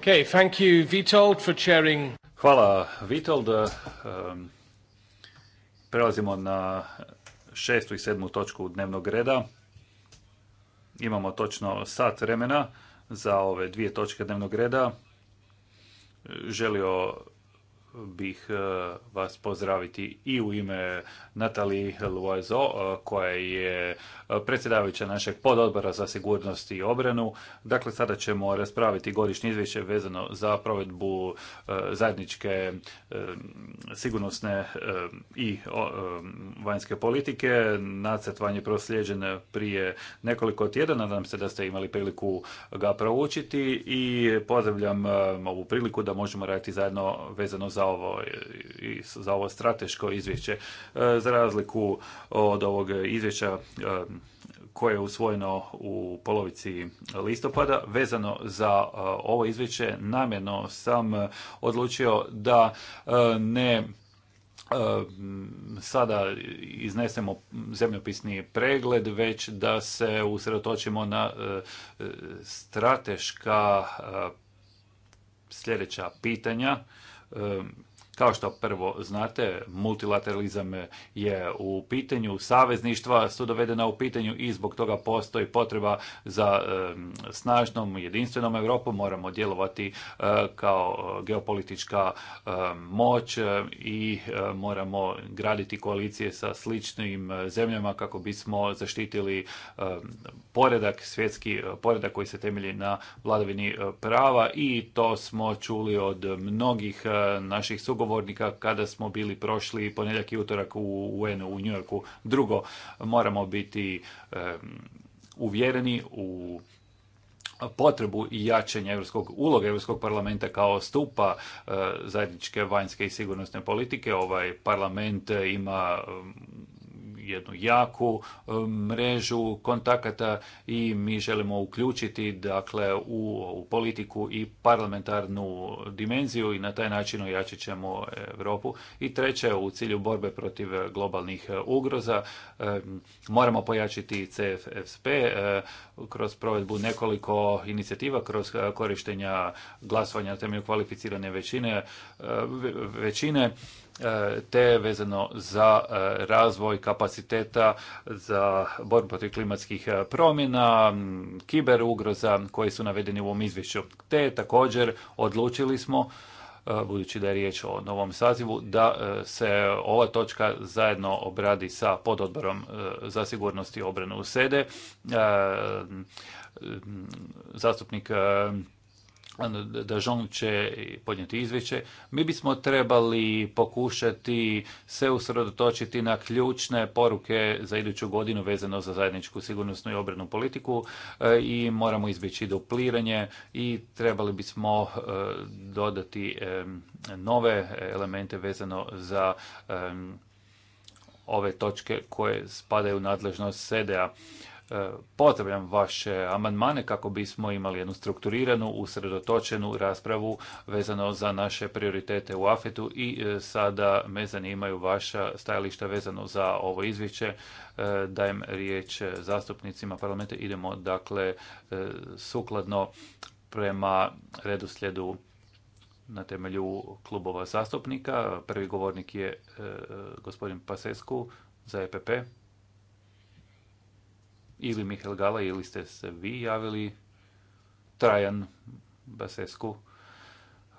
Okay, thank you Hvala Vitold. Um, prelazimo na šestu i sedmu točku dnevnog reda. Imamo točno sat vremena za ove dvije točke dnevnog reda. Želio bih e, vas pozdraviti i u ime Natali Loiseau, koja je e, predsjedavajuća našeg pododbora za sigurnost i obranu. Dakle, sada ćemo raspraviti godišnje izvješće vezano za provedbu e, zajedničke sigurnosne i vanjske politike. Nacrt vam je prosljeđen prije nekoliko tjedana. Nadam se da ste imali priliku ga proučiti i pozdravljam ovu priliku da možemo raditi zajedno vezano za za ovo, strateško izvješće. E, za razliku od ovog izvješća e, koje je usvojeno u polovici listopada. Vezano za e, ovo izvješće namjerno sam odlučio da ne sada iznesemo zemljopisni pregled, već da se usredotočimo na strateška sljedeća pitanja e kao što prvo znate, multilateralizam je u pitanju, savezništva su dovedena u pitanju i zbog toga postoji potreba za snažnom, jedinstvenom Europom. Moramo djelovati e, kao geopolitička moć e, i e, moramo graditi koalicije sa sličnim zemljama kako bismo zaštitili poredak, svjetski poredak koji se temelji na vladavini prava i to smo čuli od mnogih naših sugovornika govornika kada smo bili prošli ponedjeljak i utorak u UN-u u New Yorku. Drugo, moramo biti uvjereni u potrebu i jačanje europskog uloga Europskog parlamenta kao stupa eh, zajedničke vanjske i sigurnosne politike. Ovaj parlament ima jednu jaku e, mrežu kontakata i mi želimo uključiti dakle u politiku i parlamentarnu dimenziju i na taj način ojačit ćemo Europu. I treće, u cilju borbe protiv globalnih ugroza e, moramo pojačiti CFSP e, kroz provedbu nekoliko inicijativa kroz korištenja glasovanja na temelju kvalificirane većine većine te vezano za e, razvoj kapaciteta za borbu protiv klimatskih e, promjena, kiber ugroza koji su navedeni u ovom izvješću. Te također odlučili smo e, budući da je riječ o novom sazivu, da se ova točka zajedno obradi sa pododborom za sigurnost i obranu u sede. Zastupnik da Dažon će podnijeti izvješće, mi bismo trebali pokušati se usredotočiti na ključne poruke za iduću godinu vezano za zajedničku sigurnosnu i obranu politiku e, i moramo izbjeći dupliranje i trebali bismo e, dodati e, nove elemente vezano za ove točke koje spadaju u nadležnost SEDEA. E, pozdravljam vaše amandmane kako bismo imali jednu strukturiranu, usredotočenu raspravu vezano za naše prioritete u AFET-u i e, sada me zanimaju vaša stajališta vezano za ovo izvješće. E, dajem riječ zastupnicima parlamenta. Idemo dakle sukladno prema redoslijedu na temelju klubova zastupnika. Prvi govornik je gospodin Pasesku za EPP ili Mihel Gala ili ste se vi javili Trajan Basesku.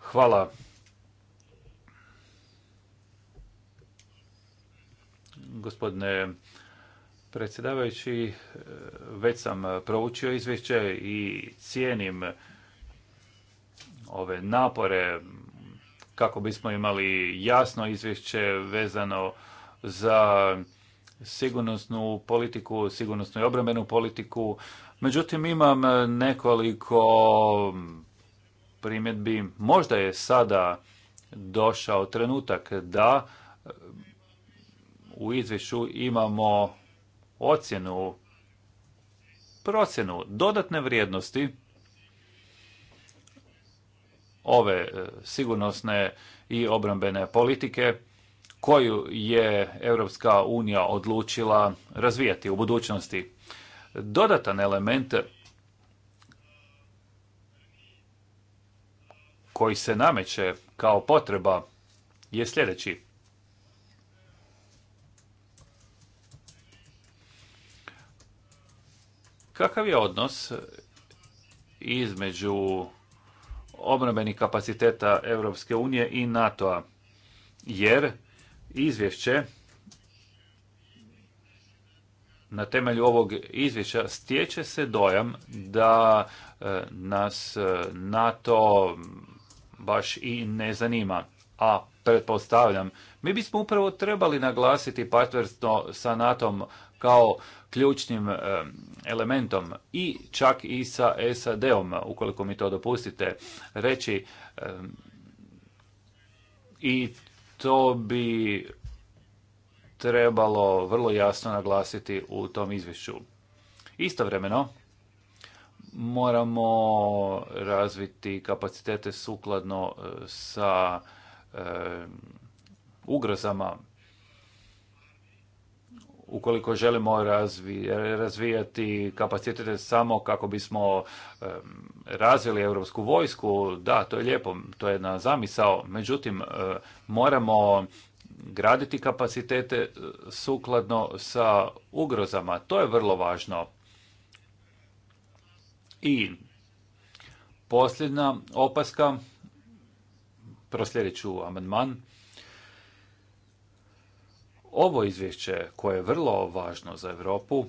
Hvala. Gospodine predsjedavajući, već sam proučio izvješće i cijenim ove napore kako bismo imali jasno izvješće vezano za sigurnosnu politiku, sigurnosnu i obrambenu politiku. Međutim, imam e, nekoliko primjedbi. Možda je sada došao trenutak da e, u izvješću imamo ocjenu, procjenu dodatne vrijednosti ove e, sigurnosne i obrambene politike koju je Europska unija odlučila razvijati u budućnosti. Dodatan element koji se nameće kao potreba je sljedeći. Kakav je odnos između obrambenih kapaciteta Europske unije i NATO-a? Jer izvješće na temelju ovog izvješća stječe se dojam da e, nas e, NATO baš i ne zanima. A pretpostavljam, mi bismo upravo trebali naglasiti partnerstvo sa nato kao ključnim e, elementom i čak i sa SAD-om, ukoliko mi to dopustite, reći i to bi trebalo vrlo jasno naglasiti u tom izvješću. Istovremeno, moramo razviti kapacitete sukladno e, sa e, ugrozama ukoliko želimo razvijati kapacitete samo kako bismo e, razvili europsku vojsku, da, to je lijepo, to je jedna zamisao, međutim, e, moramo graditi kapacitete e, sukladno sa ugrozama. To je vrlo važno. I posljedna opaska, proslijedit ću amandman, ovo izvješće koje je vrlo važno za Europu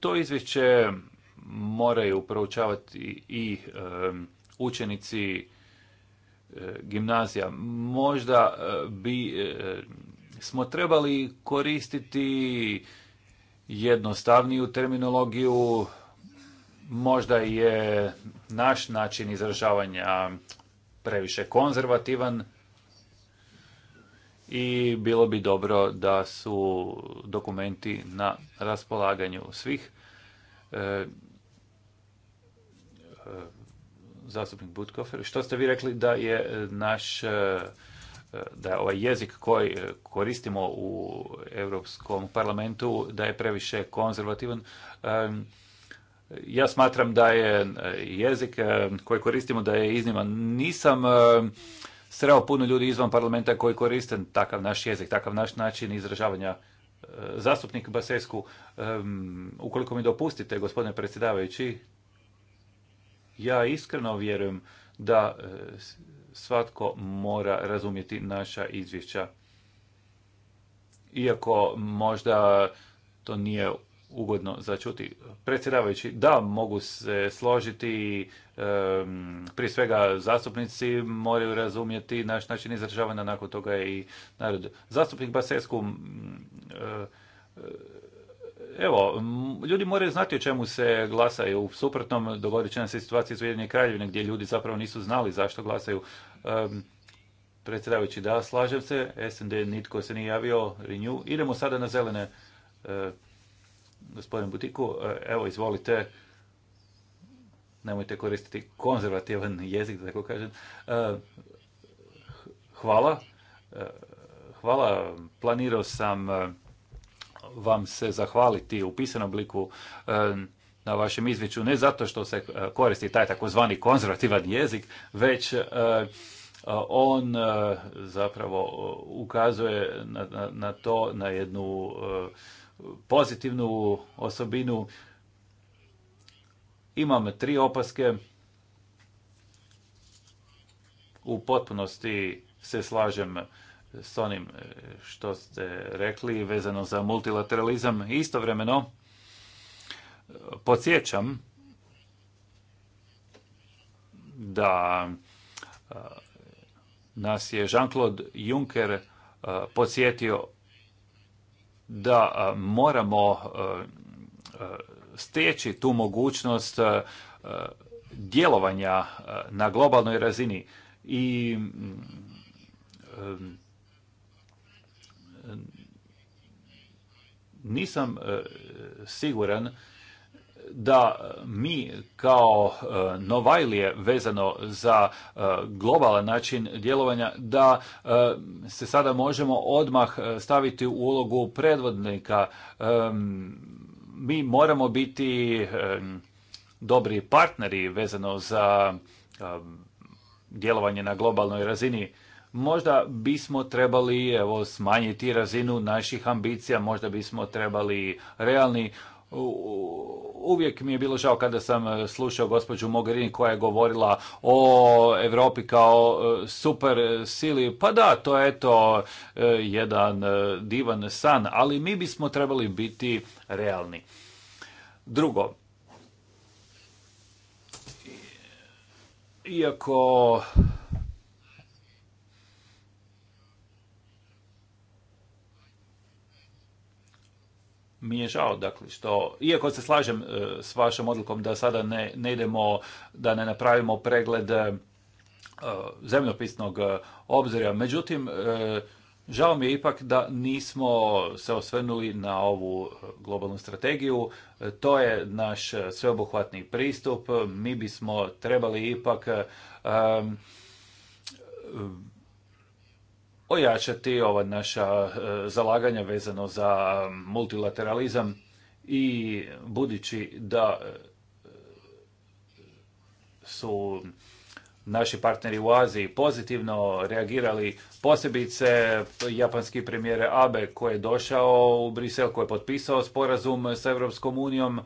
To izvješće moraju proučavati i učenici gimnazija. Možda bi smo trebali koristiti jednostavniju terminologiju, možda je naš način izražavanja previše konzervativan, i bilo bi dobro da su dokumenti na raspolaganju svih. E, e zastupnik što ste vi rekli da je naš e, da je ovaj jezik koji koristimo u Europskom parlamentu da je previše konzervativan. E, ja smatram da je jezik koji koristimo da je izniman. Nisam sreo puno ljudi izvan parlamenta koji koriste takav naš jezik, takav naš način izražavanja. E, zastupnik Basesku, ukoliko mi dopustite, gospodine predsjedavajući, ja iskreno vjerujem da e, svatko mora razumjeti naša izvješća. Iako možda to nije ugodno začuti. Predsjedavajući, da, mogu se složiti prije svega zastupnici moraju razumjeti naš način izražavanja, nakon toga je i narod. Zastupnik Basesku, e, evo, ljudi moraju znati o čemu se glasaju. U suprotnom dogodit će nam se situacija iz kraljevine gdje ljudi zapravo nisu znali zašto glasaju. Predsjedavajući, da, slažem se. SND nitko se nije javio, Renew. Idemo sada na zelene. E, gospodin Butiku, e, evo, izvolite nemojte koristiti konzervativan jezik, da tako kažem. E, hvala. E, hvala. Planirao sam e, vam se zahvaliti u pisanom obliku na vašem izvješću ne zato što se koristi taj takozvani konzervativan jezik, već on zapravo ukazuje na, na to, na jednu pozitivnu osobinu imam tri opaske. U potpunosti se slažem s onim e, što ste rekli vezano za multilateralizam. Istovremeno, e, podsjećam da e, nas je Jean-Claude Juncker podsjetio da moramo steći tu mogućnost e, e, djelovanja e, na globalnoj razini i mm, nisam siguran da mi kao novajlije vezano za globalan način djelovanja, da se sada možemo odmah staviti u ulogu predvodnika mi moramo biti dobri partneri vezano za djelovanje na globalnoj razini. Možda bismo trebali evo, smanjiti razinu naših ambicija, možda bismo trebali realni Uvijek mi je bilo žao kada sam e, slušao gospođu Mogherini koja je govorila o Europi kao e, super sili. Pa da, to je to e, jedan divan san, ali mi bismo trebali biti realni. Drugo, iako mi je žao, dakle, što, iako se slažem e, s vašom odlukom da sada ne, ne idemo, da ne napravimo pregled e, zemljopisnog e, obzira, međutim, Žao mi je ipak da nismo se osvrnuli na ovu globalnu strategiju. To je naš sveobuhvatni pristup. Mi bismo trebali ipak ojačati ova naša e, zalaganja vezano za multilateralizam i budući da e, su naši partneri u Aziji pozitivno reagirali, posebice japanski premijer Abe koji je došao u Brisel, koji je potpisao sporazum sa Europskom unijom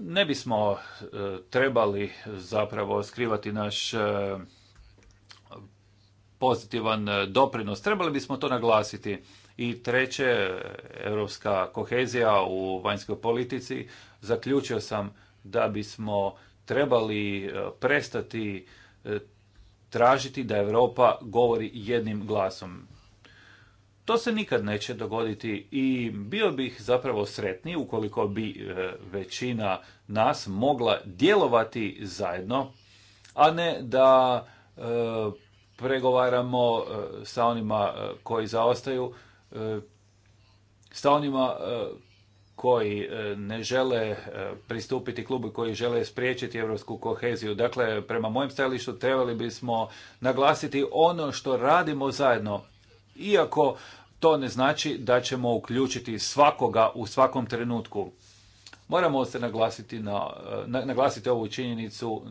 ne bismo e, trebali zapravo skrivati naš e, pozitivan e, doprinos. Trebali bismo to naglasiti. I treće, europska kohezija u vanjskoj politici. Zaključio sam da bismo trebali prestati tražiti da Europa govori jednim glasom. To se nikad neće dogoditi i bio bih zapravo sretniji ukoliko bi e, većina nas mogla djelovati zajedno, a ne da e, pregovaramo e, sa onima koji zaostaju, sa onima koji ne žele pristupiti klubu koji žele spriječiti europsku koheziju. Dakle, prema mojem stajalištu trebali bismo naglasiti ono što radimo zajedno. Iako to ne znači da ćemo uključiti svakoga u svakom trenutku. Moramo se naglasiti, na, naglasiti ovu činjenicu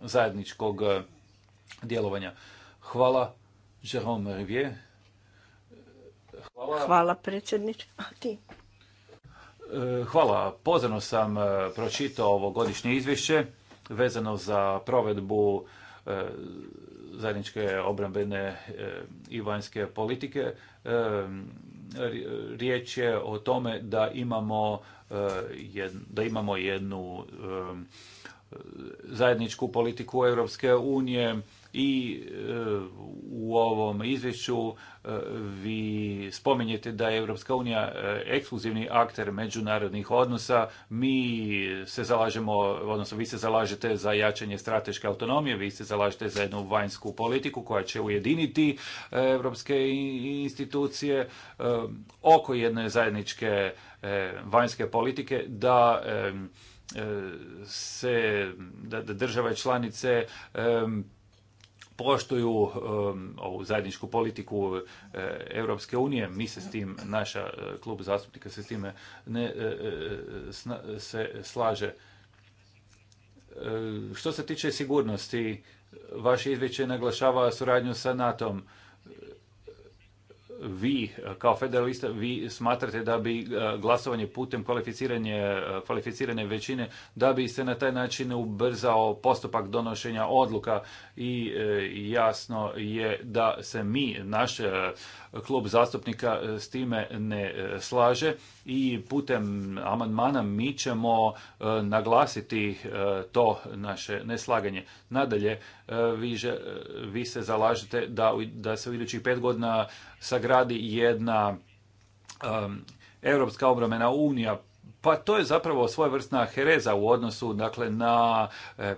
zajedničkog e, djelovanja. Hvala, Jerome Rivier. Hvala, Hvala A ti? E, hvala. Pozorno sam e, pročitao ovo godišnje izvješće vezano za provedbu zajedničke obrambene e, i vanjske politike. E, riječ je o tome da imamo e, da imamo jednu zajedničku politiku Europske unije i e, u ovom izvješću e, vi spominjete da je Europska unija e, ekskluzivni akter međunarodnih odnosa. Mi se zalažemo, odnosno vi se zalažete za jačanje strateške autonomije, vi se zalažete za jednu vanjsku politiku koja će ujediniti europske institucije oko jedne zajedničke vanjske politike da se da države članice poštuju um, ovu zajedničku politiku uh, Europske unije. Mi se s tim, naša uh, klub zastupnika se s time ne uh, se slaže. Što se tiče sigurnosti, vaše izvješće naglašava suradnju sa NATO-om vi kao federalista vi smatrate da bi e, glasovanje putem kvalificiranje, e, kvalificirane većine da bi se na taj način ubrzao postupak donošenja odluka i e, jasno je da se mi, naš klub zastupnika s time ne slaže i putem amandmana mi ćemo naglasiti to naše neslaganje. Nadalje, vi, se zalažete da, se u idućih pet godina sagra radi jedna um, Europska obramena unija, pa to je zapravo svojevrsna hereza u odnosu dakle, na e,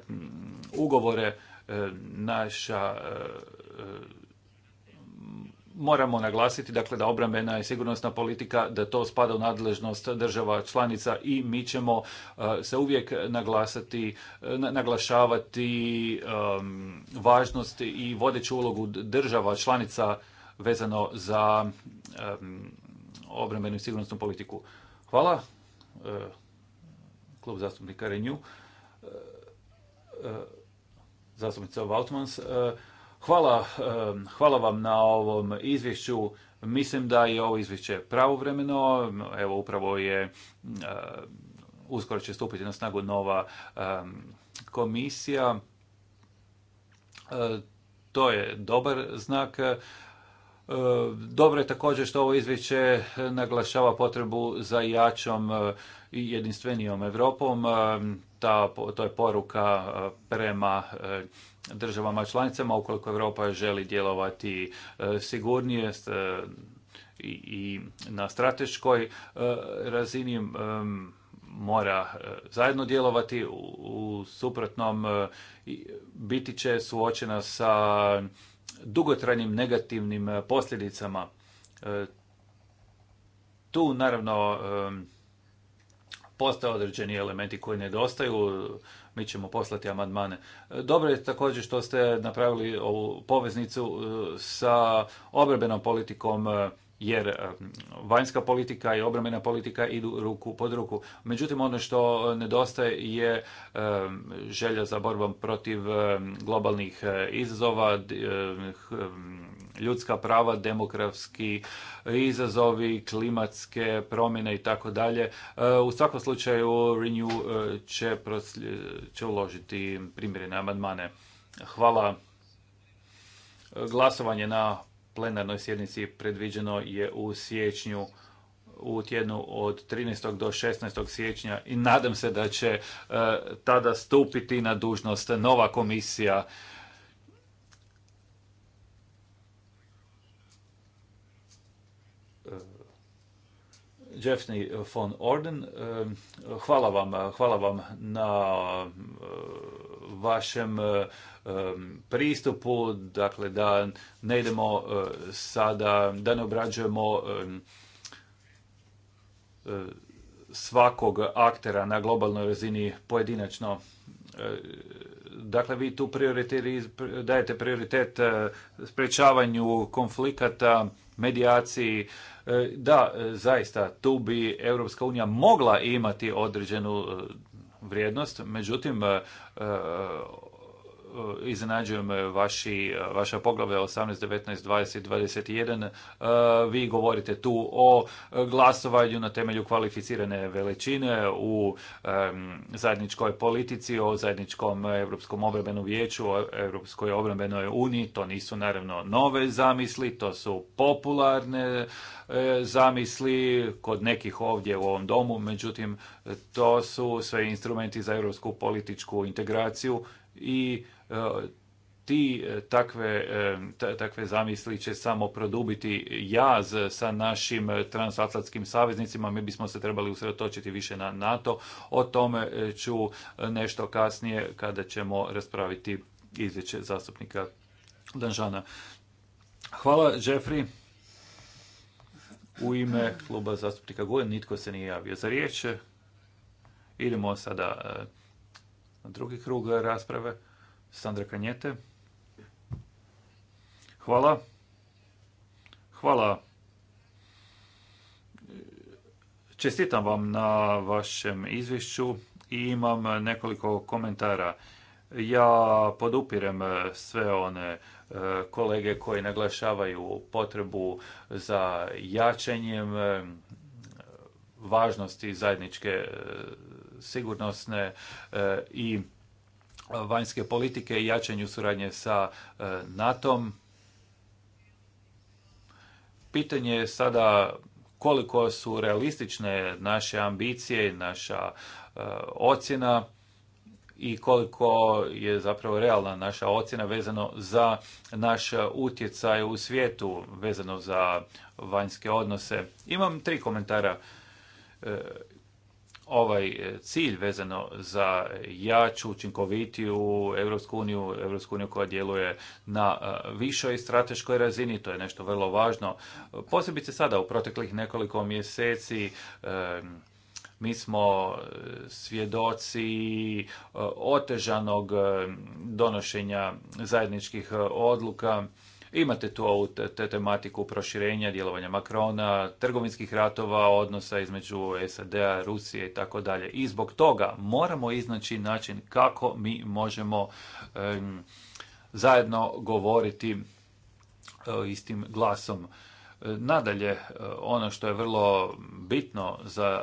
ugovore e, naša e, moramo naglasiti dakle da obrambena i sigurnosna politika da to spada u nadležnost država članica i mi ćemo se uvijek naglasati naglašavati važnosti važnost i vodeću ulogu država članica vezano za obrambenu i sigurnosnu politiku. Hvala, e, klub zastupnika Renju, e, e, zastupnica Vautmans. Hvala, hvala vam na ovom izvješću. Mislim da je ovo izvješće pravovremeno. Evo, upravo je uskoro će stupiti na snagu nova komisija. To je dobar znak. E, dobro je također što ovo izvješće naglašava potrebu za jačom e, i jedinstvenijom Europom. E, ta, to je poruka prema državama članicama ukoliko Europa želi djelovati sigurnije i na strateškoj razini mora zajedno djelovati u suprotnom biti će suočena sa dugotrajnim negativnim e, posljedicama. E, tu naravno e, postoje određeni elementi koji nedostaju, mi ćemo poslati amandmane. Dobro je također što ste napravili ovu poveznicu sa obrbenom politikom jer vanjska politika i obrambena politika idu ruku pod ruku. Međutim, ono što nedostaje je želja za borbom protiv globalnih e, izazova, ljudska prava, demografski e, izazovi, klimatske promjene i tako dalje. E, u svakom slučaju Renew će, će uložiti primjerene amandmane. Hvala. Glasovanje na plenarnoj sjednici predviđeno je u siječnju u tjednu od 13. do 16. siječnja i nadam se da će e, tada stupiti na dužnost nova komisija e, Jeffrey von Orden, e, hvala vam, hvala vam na vašem e, pristupu, dakle da ne idemo e, sada, da ne obrađujemo e, svakog aktera na globalnoj razini pojedinačno. Dakle, vi tu dajete prioritet sprečavanju konflikata, medijaciji. Da, zaista, tu bi Europska unija mogla imati određenu vrijednost, međutim e, e, E, iznenađuju me vaši, e, vaša poglave 18, 19, 20, 21. Vi govorite tu o glasovanju na temelju kvalificirane veličine u zajedničkoj politici, o zajedničkom Europskom obrambenom vijeću, o Europskoj obrambenoj uniji. To nisu naravno nove zamisli, to su popularne e, zamisli kod nekih ovdje u ovom domu, međutim to su sve instrumenti za europsku političku integraciju i e, ti e, takve, e, takve zamisli će samo produbiti jaz sa našim transatlantskim saveznicima. Mi bismo se trebali usredotočiti više na NATO. O tome ću nešto kasnije kada ćemo raspraviti izvješće zastupnika Danžana. Hvala, Jeffrey. U ime kluba zastupnika Gojen nitko se nije javio za riječ. Idemo sada drugi krug rasprave. Sandra Kanjete. Hvala. Hvala. Čestitam vam na vašem izvješću i imam nekoliko komentara. Ja podupirem sve one e, kolege koji naglašavaju potrebu za jačanjem e, važnosti zajedničke e, sigurnosne e, i vanjske politike i jačanju suradnje sa e, NATO-om. Pitanje je sada koliko su realistične naše ambicije, naša e, ocjena i koliko je zapravo realna naša ocjena vezano za naš utjecaj u svijetu, vezano za vanjske odnose. Imam tri komentara ovaj e, cilj vezano za jaču, učinkovitiju Europsku uniju, Europsku uniju koja djeluje na e, višoj strateškoj razini, to je nešto vrlo važno. Posebice sada u proteklih nekoliko mjeseci e, mi smo svjedoci otežanog donošenja zajedničkih odluka Imate tu ovu tematiku proširenja, djelovanja Makrona, trgovinskih ratova, odnosa između SAD-a, Rusije i tako dalje. I zbog toga moramo iznaći način kako mi možemo zajedno govoriti e, istim glasom. E, nadalje, e, ono što je vrlo bitno za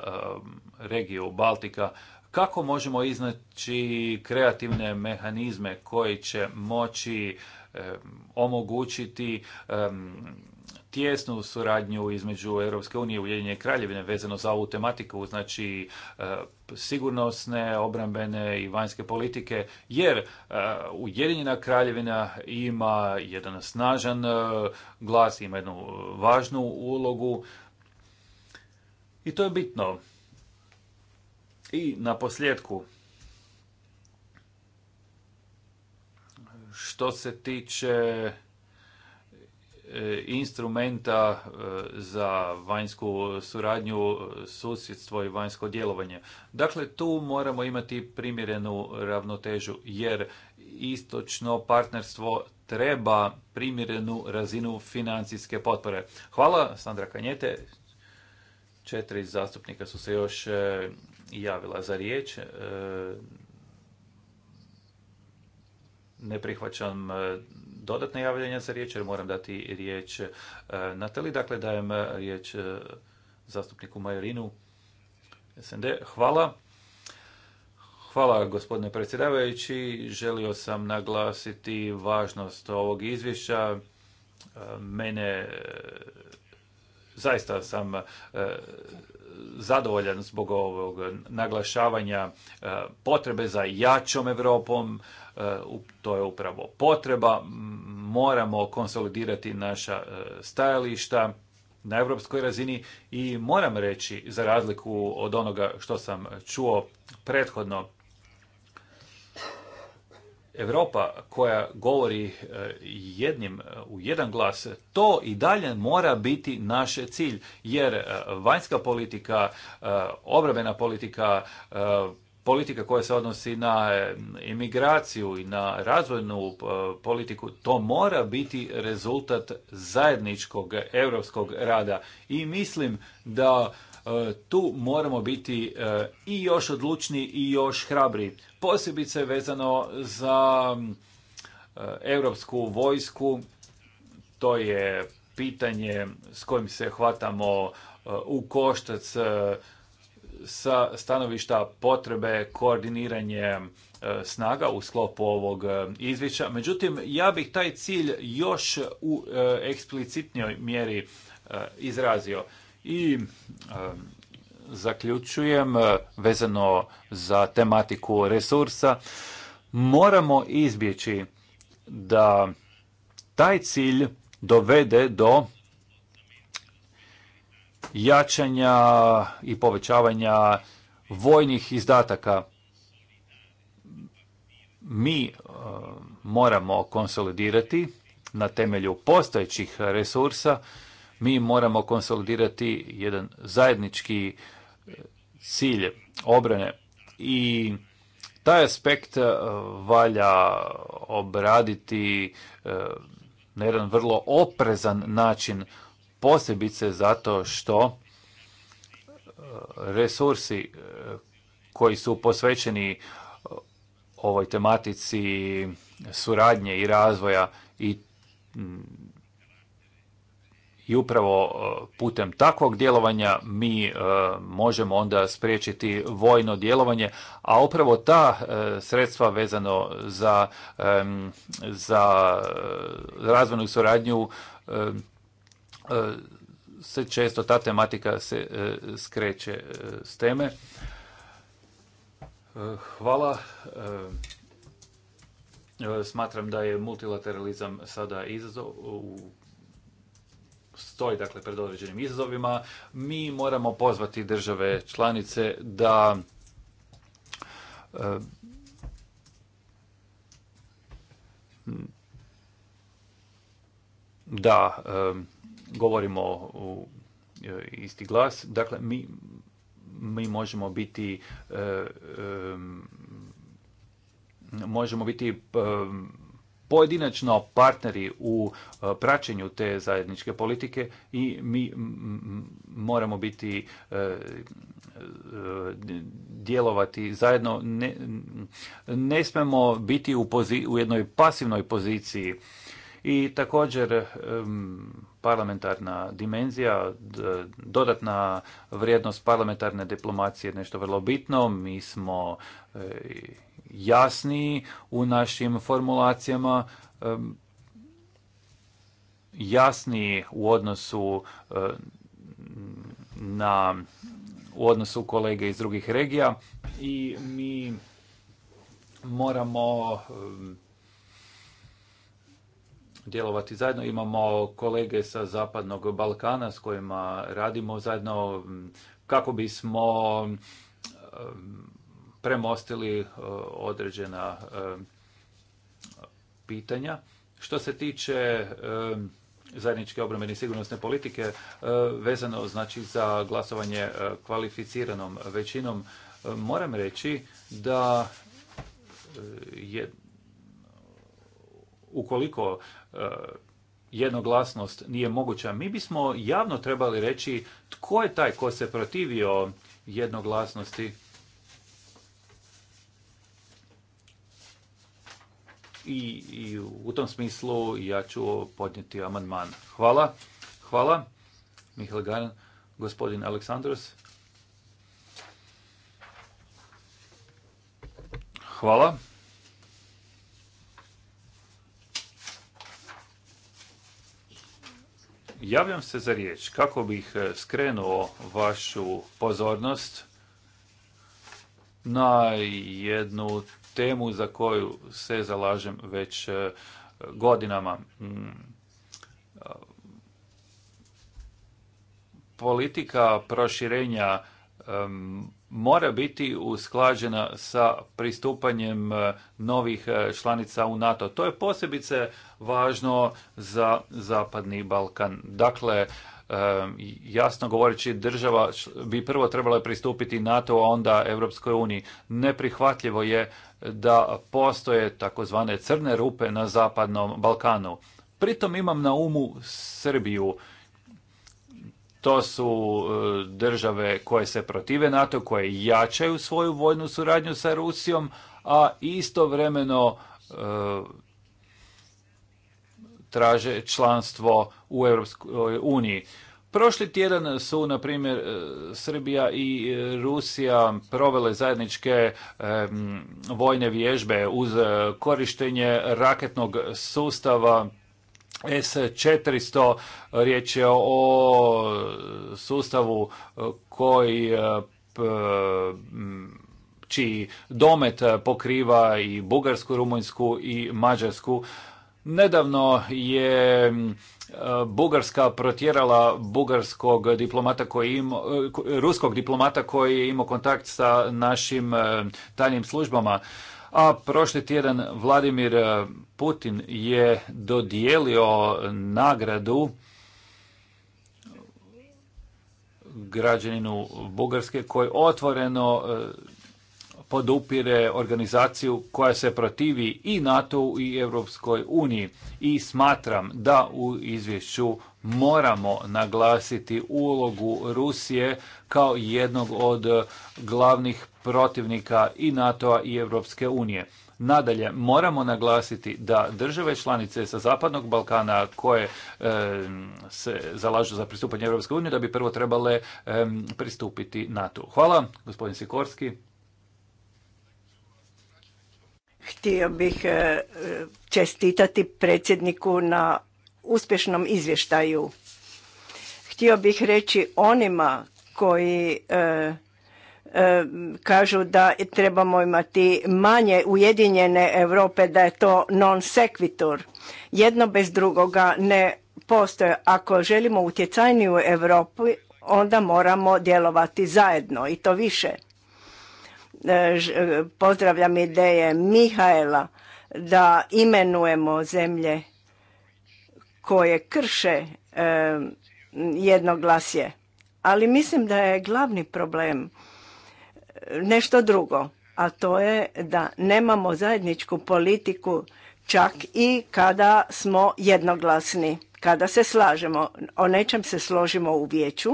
regiju Baltika, kako možemo iznaći kreativne mehanizme koji će moći Eh, omogućiti tjesnu suradnju između Europske unije i Ujedinjene kraljevine vezano za ovu tematiku, znači eh, sigurnosne, obrambene i vanjske politike, jer eh, Ujedinjena kraljevina ima jedan snažan glas, ima jednu važnu ulogu i to je bitno. I na posljedku, Što se tiče e, instrumenta e, za vanjsku suradnju, susjedstvo i vanjsko djelovanje. Dakle, tu moramo imati primjerenu ravnotežu, jer istočno partnerstvo treba primjerenu razinu financijske potpore. Hvala, Sandra Kanjete. Četiri zastupnika su se još e, javila za riječ. Ne prihvaćam e, dodatne javljanja za riječ jer moram dati riječ e, Natali. Dakle, dajem e, riječ zastupniku Majorinu. SND, hvala. Hvala gospodine predsjedavajući. Želio sam naglasiti važnost ovog izvješća. Mene zaista sam e, zadovoljan zbog ovog naglašavanja e, potrebe za jačom Europom, e, to je upravo potreba, moramo konsolidirati naša stajališta na europskoj razini i moram reći, za razliku od onoga što sam čuo prethodno, Europa koja govori e, jednim e, u jedan glas, to i dalje mora biti naš cilj, jer e, vanjska politika, obrambena politika, politika koja se odnosi na imigraciju i na razvojnu politiku, to mora biti rezultat zajedničkog europskog rada. I mislim da E, tu moramo biti e, i još odlučni i još hrabri. Posebice vezano za e, europsku vojsku, to je pitanje s kojim se hvatamo u koštac sa stanovišta potrebe koordiniranje snaga u sklopu ovog izvješća. Međutim, ja bih taj cilj još u eksplicitnoj mjeri izrazio. I eh, zaključujem eh, vezano za tematiku resursa. Moramo izbjeći da taj cilj dovede do jačanja i povećavanja vojnih izdataka. Mi eh, moramo konsolidirati na temelju postojećih resursa mi moramo konsolidirati jedan zajednički e, cilj obrane i taj aspekt e, valja obraditi e, na jedan vrlo oprezan način, posebice zato što resursi koji su posvećeni ovoj tematici suradnje i razvoja i i upravo e, putem takvog djelovanja mi e, možemo onda spriječiti vojno djelovanje, a upravo ta e, sredstva vezano za, za razvojnu suradnju se često ta tematika se skreće s teme. Hvala. Smatram da je multilateralizam sada izazov u stoji dakle pred određenim izazovima, mi moramo pozvati države članice da e, da e, govorimo u e, isti glas. Dakle, mi, mi možemo biti možemo biti pojedinačno partneri u e, praćenju te zajedničke politike i mi moramo biti e, e, djelovati zajedno. Ne, ne smemo biti u, u jednoj pasivnoj poziciji i također parlamentarna dimenzija, dodatna vrijednost parlamentarne diplomacije je nešto vrlo bitno. Mi smo jasniji u našim formulacijama, jasniji u odnosu na u odnosu kolege iz drugih regija i mi moramo djelovati zajedno. Imamo kolege sa Zapadnog Balkana s kojima radimo zajedno kako bismo premostili e, određena e, pitanja. Što se tiče e, zajedničke obrambene i sigurnosne politike vezano znači za glasovanje kvalificiranom većinom moram reći da je ukoliko jednoglasnost nije moguća mi bismo javno trebali reći tko je taj ko se protivio jednoglasnosti i, u tom smislu ja ću podnijeti amandman. Hvala. Hvala. Mihael Garan, gospodin Aleksandros. Hvala. Javljam se za riječ kako bih e, skrenuo vašu pozornost na jednu temu za koju se zalažem već e, godinama. Mm. Politika proširenja mora biti usklađena sa pristupanjem e, novih e, članica u NATO. To je posebice važno za Zapadni Balkan. Dakle, jasno govoreći država bi prvo trebala pristupiti NATO, a onda Europskoj uniji. Neprihvatljivo je da postoje takozvane crne rupe na zapadnom Balkanu. Pritom imam na umu Srbiju. To su e, države koje se protive NATO, koje jačaju svoju vojnu suradnju sa Rusijom, a istovremeno e, traže članstvo u Europskoj uniji. Prošli tjedan su, na primjer, e, Srbija i e, Rusija provele zajedničke e, vojne vježbe uz korištenje raketnog sustava S-400. Riječ je o sustavu koji čiji domet pokriva i Bugarsku, Rumunjsku i Mađarsku. Nedavno je mm, e, Bugarska protjerala bugarskog diplomata koji ima, e, ruskog diplomata koji je imao kontakt sa našim e, tajnim službama. A prošli tjedan Vladimir Putin je dodijelio nagradu građaninu Bugarske koji otvoreno podupire organizaciju koja se protivi i nato i Europskoj uniji i smatram da u izvješću moramo naglasiti ulogu Rusije kao jednog od glavnih protivnika i NATO-a i Europske unije. Nadalje, moramo naglasiti da države članice sa Zapadnog Balkana koje se zalažu za pristupanje Europske unije, da bi prvo trebale pristupiti NATO. Hvala, gospodin Sikorski. Htio bih e, čestitati predsjedniku na uspješnom izvještaju. Htio bih reći onima koji e, e, kažu da trebamo imati manje ujedinjene Europe, da je to non sequitur. Jedno bez drugoga ne postoje. Ako želimo utjecajniju Europu, onda moramo djelovati zajedno i to više. E, e, pozdravljam ideje Mihaela da imenujemo zemlje koje krše e, jednoglasje. Ali mislim da je glavni problem nešto drugo, a to je da nemamo zajedničku politiku čak i kada smo jednoglasni, kada se slažemo. O nečem se složimo u vijeću,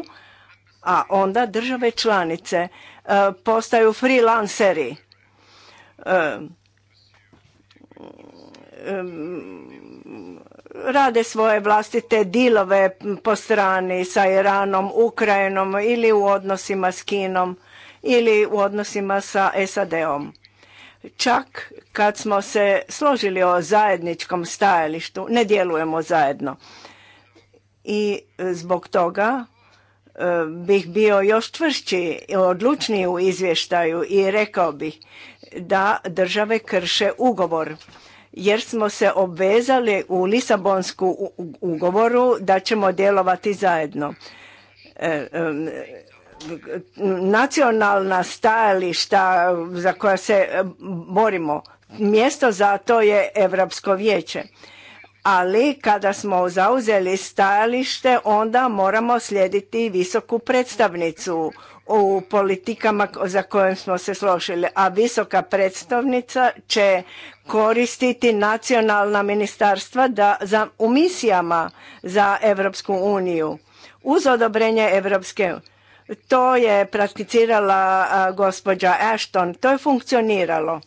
a onda države članice postaju freelanceri. Rade svoje vlastite dilove po strani sa Iranom, Ukrajinom ili u odnosima s Kinom ili u odnosima sa SAD-om. Čak kad smo se složili o zajedničkom stajalištu, ne djelujemo zajedno. I zbog toga bih bio još tvršći, odlučniji u izvještaju i rekao bih da države krše ugovor jer smo se obvezali u Lisabonsku ugovoru da ćemo djelovati zajedno. E, nacionalna stajališta za koja se borimo, mjesto za to je Europsko vijeće ali kada smo zauzeli stajalište onda moramo slijediti visoku predstavnicu u politikama za koje smo se složili, a visoka predstavnica će koristiti nacionalna ministarstva da, za, u misijama za Europsku uniju uz odobrenje Europske to je prakticirala gospođa Ashton, to je funkcioniralo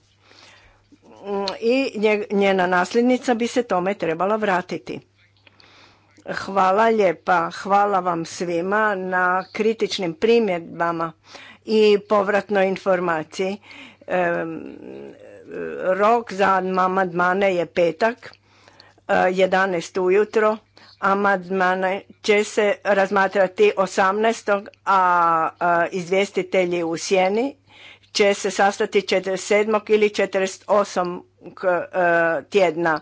i njena nasljednica bi se tome trebala vratiti. Hvala lijepa, hvala vam svima na kritičnim primjedbama i povratnoj informaciji. Rok za amandmane je petak, 11. E, ujutro. Amadmane će se razmatrati 18. a e, izvjestitelji u sjeni će se sastati 47. ili 48. E, tjedna.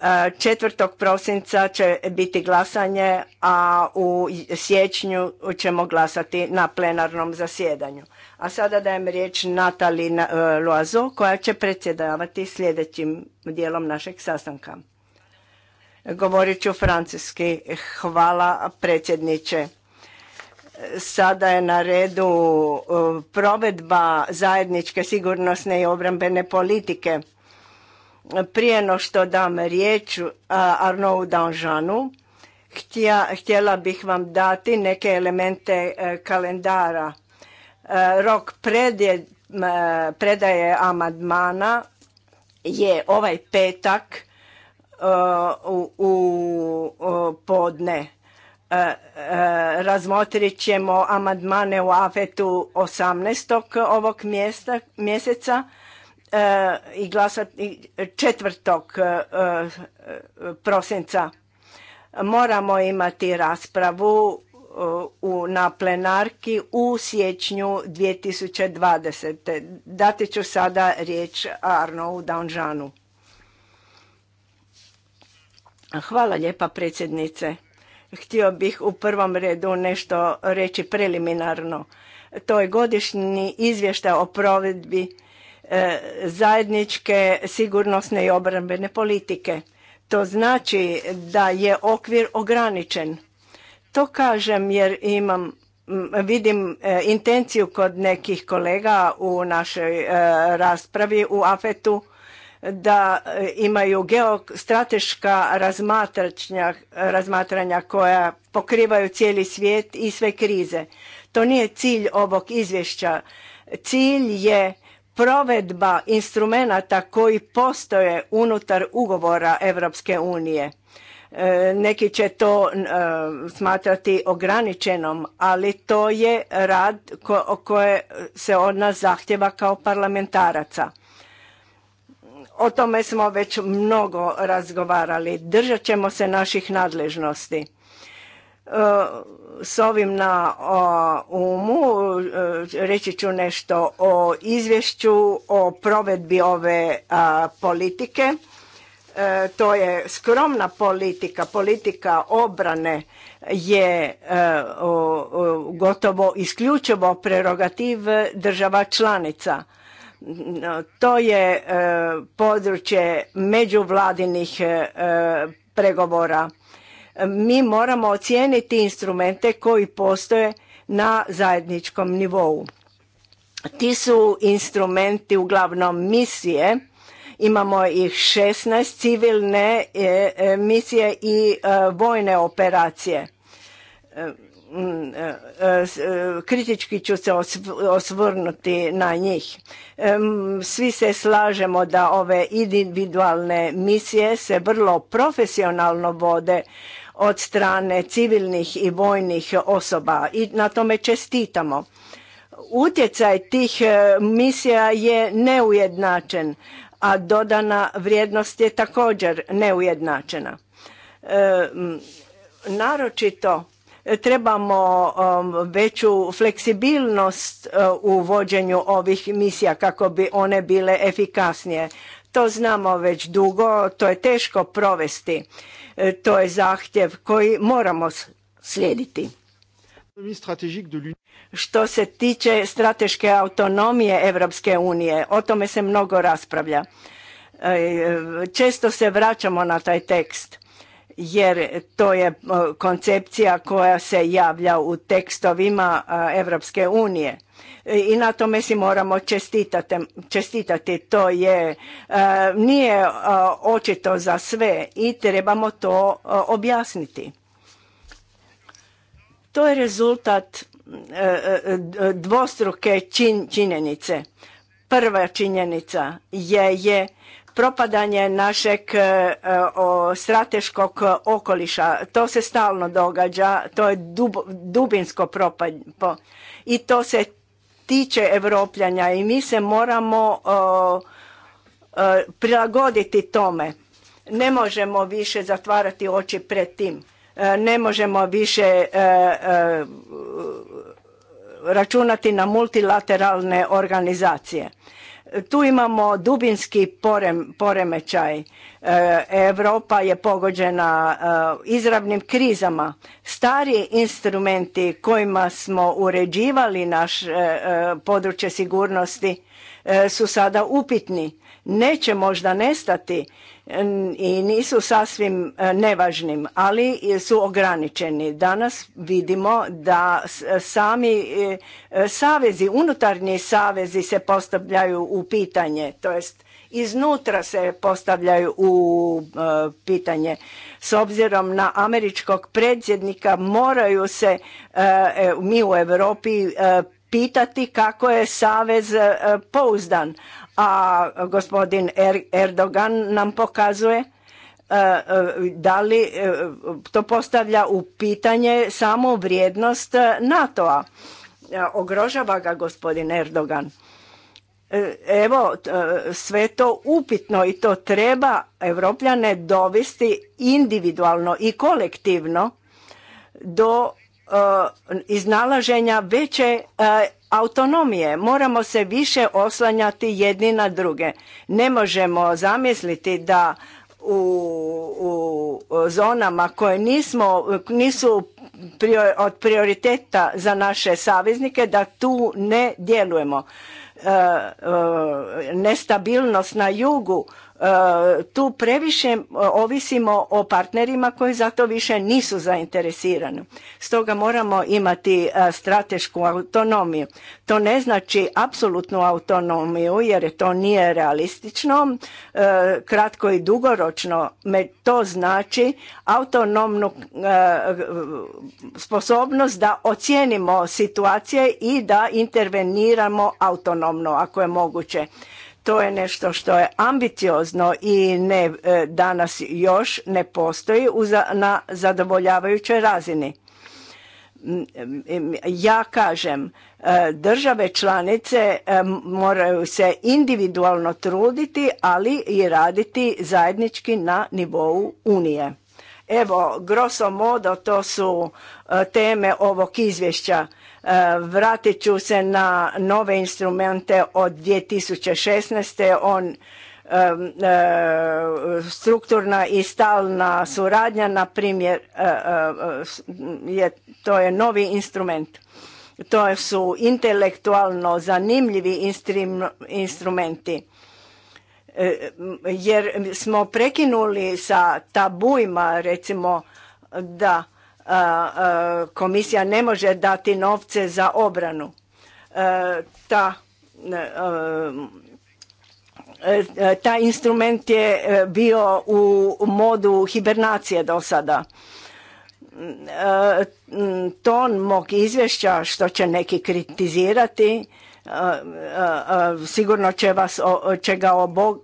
4. E, prosinca će biti glasanje, a u siječnju ćemo glasati na plenarnom zasjedanju. A sada dajem riječ Natali e, Loazo koja će predsjedavati sljedećim dijelom našeg sastanka. Govorit ću francuski. Hvala predsjedniče. Sada je na redu e, provedba zajedničke sigurnosne i obrambene politike. Prije no što dam riječ e, Arnaud Danžanu, htjela bih vam dati neke elemente e, kalendara. Rok predaje amandmana je ovaj petak u, u podne E, e, razmotrit ćemo amandmane u afetu 18. ovog mjeseca e, i glasati 4. prosinca. Moramo imati raspravu na plenarki u siječnju 2020. Dati ću sada riječ Arnou Danžanu. Hvala lijepa predsjednice. Htio bih u prvom redu nešto reći preliminarno. To je godišnji izvještaj o provedbi e, zajedničke sigurnosne i obrambene politike. To znači da je okvir ograničen. To kažem jer imam, vidim e, intenciju kod nekih kolega u našoj e, raspravi u Afetu da e, imaju geostrateška razmatranja, razmatranja koja pokrivaju cijeli svijet i sve krize. To nije cilj ovog izvješća. Cilj je provedba instrumenata koji postoje unutar ugovora Europske unije. E, neki će to e, smatrati ograničenom, ali to je rad koje se od nas zahtjeva kao parlamentaraca o tome smo već mnogo razgovarali. Držat ćemo se naših nadležnosti. E, s ovim na umu e, reći ću nešto o izvješću, o provedbi ove politike. E, to je skromna politika, politika obrane je gotovo isključivo prerogativ država članica to je e, područje međuvladinih e, pregovora. Mi moramo ocijeniti instrumente koji postoje na zajedničkom nivou. Ti su instrumenti uglavnom misije, imamo ih 16 civilne e, misije i vojne operacije. Mm, e, e, e, kritički ću se osvrnuti na njih. Svi se slažemo da ove individualne misije se vrlo profesionalno vode od strane civilnih i vojnih osoba i na tome čestitamo. Utjecaj tih misija je neujednačen, a dodana vrijednost je također neujednačena. naročito Trebamo um, veću fleksibilnost uh, u vođenju ovih misija kako bi one bile efikasnije. To znamo već dugo, to je teško provesti. Uh, to je zahtjev koji moramo slijediti. Što se tiče strateške autonomije Europske unije, o tome se mnogo raspravlja. Uh, često se vraćamo na taj tekst jer to je e, koncepcija koja se javlja u tekstovima e, Evropske unije e, i na tome si moramo čestitati. To je, nije očito za sve i trebamo to objasniti. To je rezultat dvostruke činjenice. Prva činjenica je, je propadanje našeg e, strateškog e, okoliša. To se stalno događa, to je dubinsko propadanje i to se tiče Evropljanja i mi se moramo e, prilagoditi tome. Ne možemo više zatvarati oči pred tim. Ne možemo više računati na multilateralne organizacije. Tu imamo dubinski poremećaj. Europa je pogođena e, izravnim krizama. Stari instrumenti kojima smo uređivali naš e, e, područje sigurnosti su sada upitni neće možda nestati i nisu sasvim e, nevažnim, ali su ograničeni. Danas vidimo da e, sami e, savezi, unutarnji savezi se postavljaju u pitanje, to jest iznutra se postavljaju u pitanje. S obzirom na američkog predsjednika moraju se mi u Europi pitati kako je savez pouzdan, a gospodin er, Erdogan nam pokazuje e, e, da li e, to postavlja u pitanje samo vrijednost NATO-a. Ogrožava ga gospodin Erdogan. Evo, sve to upitno i to treba Evropljane dovesti individualno i kolektivno do iznalaženja veće autonomije. Moramo se više oslanjati jedni na druge. Ne možemo zamisliti da u, zonama koje nismo, nisu od prioriteta za naše saveznike, da tu ne djelujemo. E, e, nestabilnost na jugu tu previše e, ovisimo o partnerima koji za to više nisu zainteresirani. Stoga moramo imati e, stratešku autonomiju. To ne znači apsolutnu autonomiju jer to nije realistično, e, kratko i dugoročno. To znači autonomnu sposobnost da ocijenimo situacije i da interveniramo autonomno ako je moguće. To je nešto što je ambiciozno i ne, e, danas još ne postoji na zadovoljavajućoj razini. Ja kažem, e, države članice e, moraju se individualno truditi, ali i raditi zajednički na nivou Unije. Evo, grosso modo, to su teme ovog izvješća Vratit ću se na nove instrumente od 2016. On eh, strukturna i stalna suradnja, na primjer, eh, eh, je, to je novi instrument. To su intelektualno zanimljivi instrumenti jer smo prekinuli sa tabujima recimo da komisija ne može dati novce za obranu. E, ta, e, e, ta instrument je bio u modu hibernacije do sada. Ton mog izvješća, što će neki kritizirati, sigurno će, vas, će ga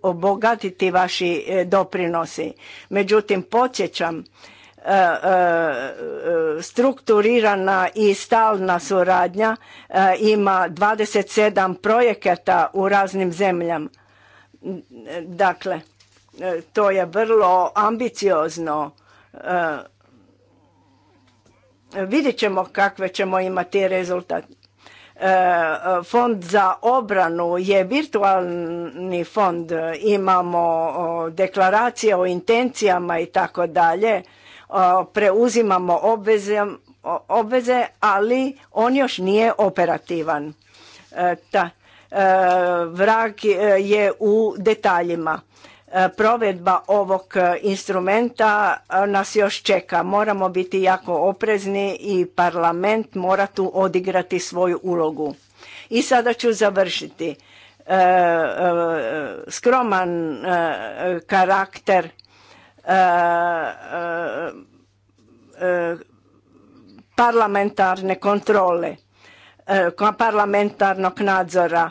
obogatiti vaši doprinosi. Međutim, podsjećam E, e, strukturirana i stalna suradnja e, ima 27 projekata u raznim zemljama. Dakle, to je vrlo ambiciozno. Vidjet ćemo kakve ćemo imati rezultat. Fond za obranu je virtualni fond, imamo deklaracije o intencijama i tako dalje preuzimamo obveze, ali on još nije operativan. E, ta, e, vrag je u detaljima. E, provedba ovog instrumenta nas još čeka. Moramo biti jako oprezni i parlament mora tu odigrati svoju ulogu. I sada ću završiti. Skroman karakter E, e, e, parlamentarne kontrole, parlamentarnog nadzora.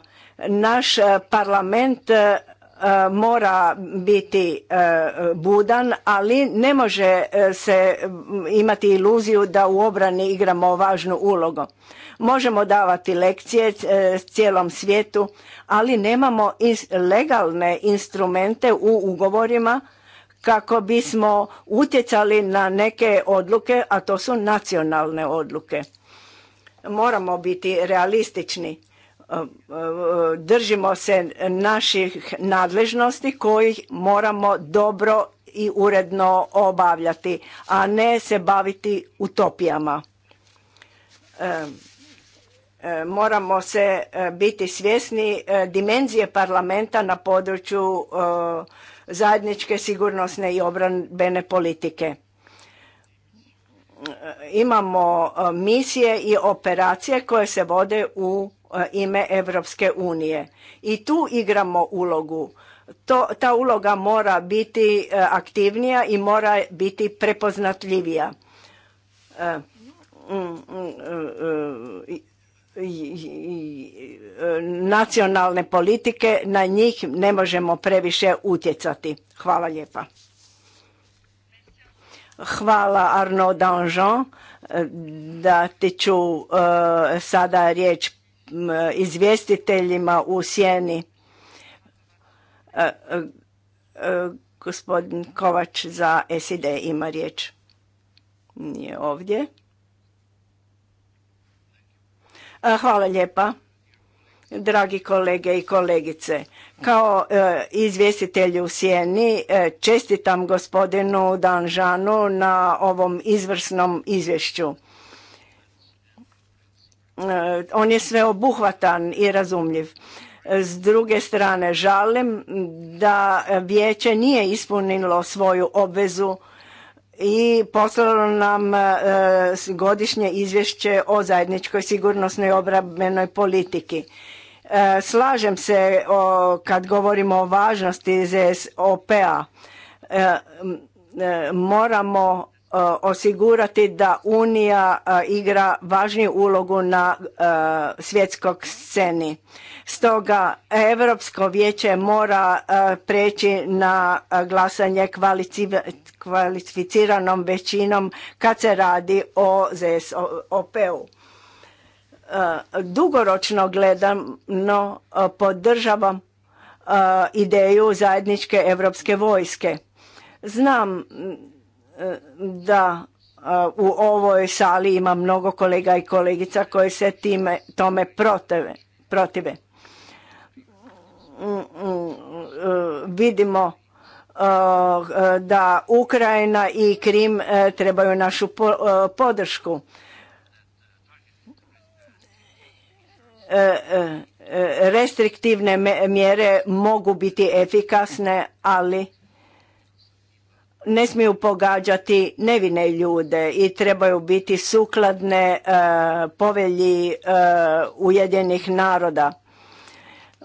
Naš parlament mora biti budan, ali ne može se imati iluziju da u obrani igramo važnu ulogu. Možemo davati lekcije cijelom svijetu, ali nemamo legalne instrumente u ugovorima kako bismo utjecali na neke odluke, a to su nacionalne odluke. Moramo biti realistični. E, e, držimo se naših nadležnosti kojih moramo dobro i uredno obavljati, a ne se baviti utopijama. E, moramo se biti svjesni dimenzije parlamenta na području zajedničke sigurnosne i obrambene politike. Imamo e, misije i operacije koje se vode u e, ime Evropske unije. I tu igramo ulogu. To, ta uloga mora biti e, aktivnija i mora biti prepoznatljivija mm, mm, E, nacionalne politike, na njih ne možemo previše utjecati. Hvala lijepa. Hvala Arnaud Danjean. E, ti ću e, sada riječ izvjestiteljima u sjeni. Gospodin Kovač za SID ima riječ. Nije ovdje. Hvala lijepa, dragi kolege i kolegice. Kao e, izvjestitelj u Sjeni e, čestitam gospodinu Danžanu na ovom izvrsnom izvješću. E, on je sveobuhvatan i razumljiv. S druge strane, žalim da vijeće nije ispunilo svoju obvezu i poslalo nam e, godišnje izvješće o zajedničkoj sigurnosnoj obrambenoj politiki. E, slažem se kad govorimo o važnosti ZSOP-a e, moramo Eh, osigurati da Unija eh, igra važniju ulogu na eh, svjetskoj sceni. Stoga Europsko vijeće mora preći na glasanje kvalificiranom većinom kad se radi o ZSOP-u. Dugoročno gledano podržavam ideju zajedničke europske vojske. Znam da u ovoj sali ima mnogo kolega i kolegica koji se time, tome protive. protive. Mm, mm, e, vidimo da Ukrajina i Krim e, trebaju našu e, podršku. Restriktivne mjere mogu biti efikasne, ali ne smiju pogađati nevine ljude i trebaju biti sukladne e, povelji e, Ujedinjenih naroda.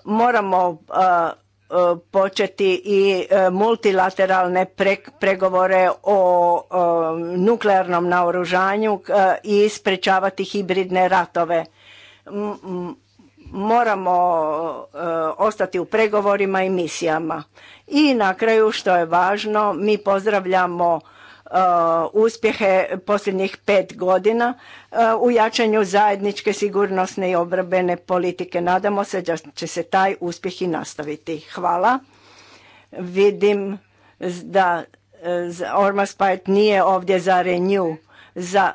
Moramo e, e, početi i multilateralne pregovore o, nuklearnom naoružanju i sprečavati hibridne ratove moramo e, ostati u pregovorima i misijama. I na kraju što je važno, mi pozdravljamo e, uspjehe posljednjih pet godina e, u jačanju zajedničke sigurnosne i obrambene politike. Nadamo se da će se taj uspjeh i nastaviti. Hvala. Vidim da Orma Spajt nije ovdje za Renew, za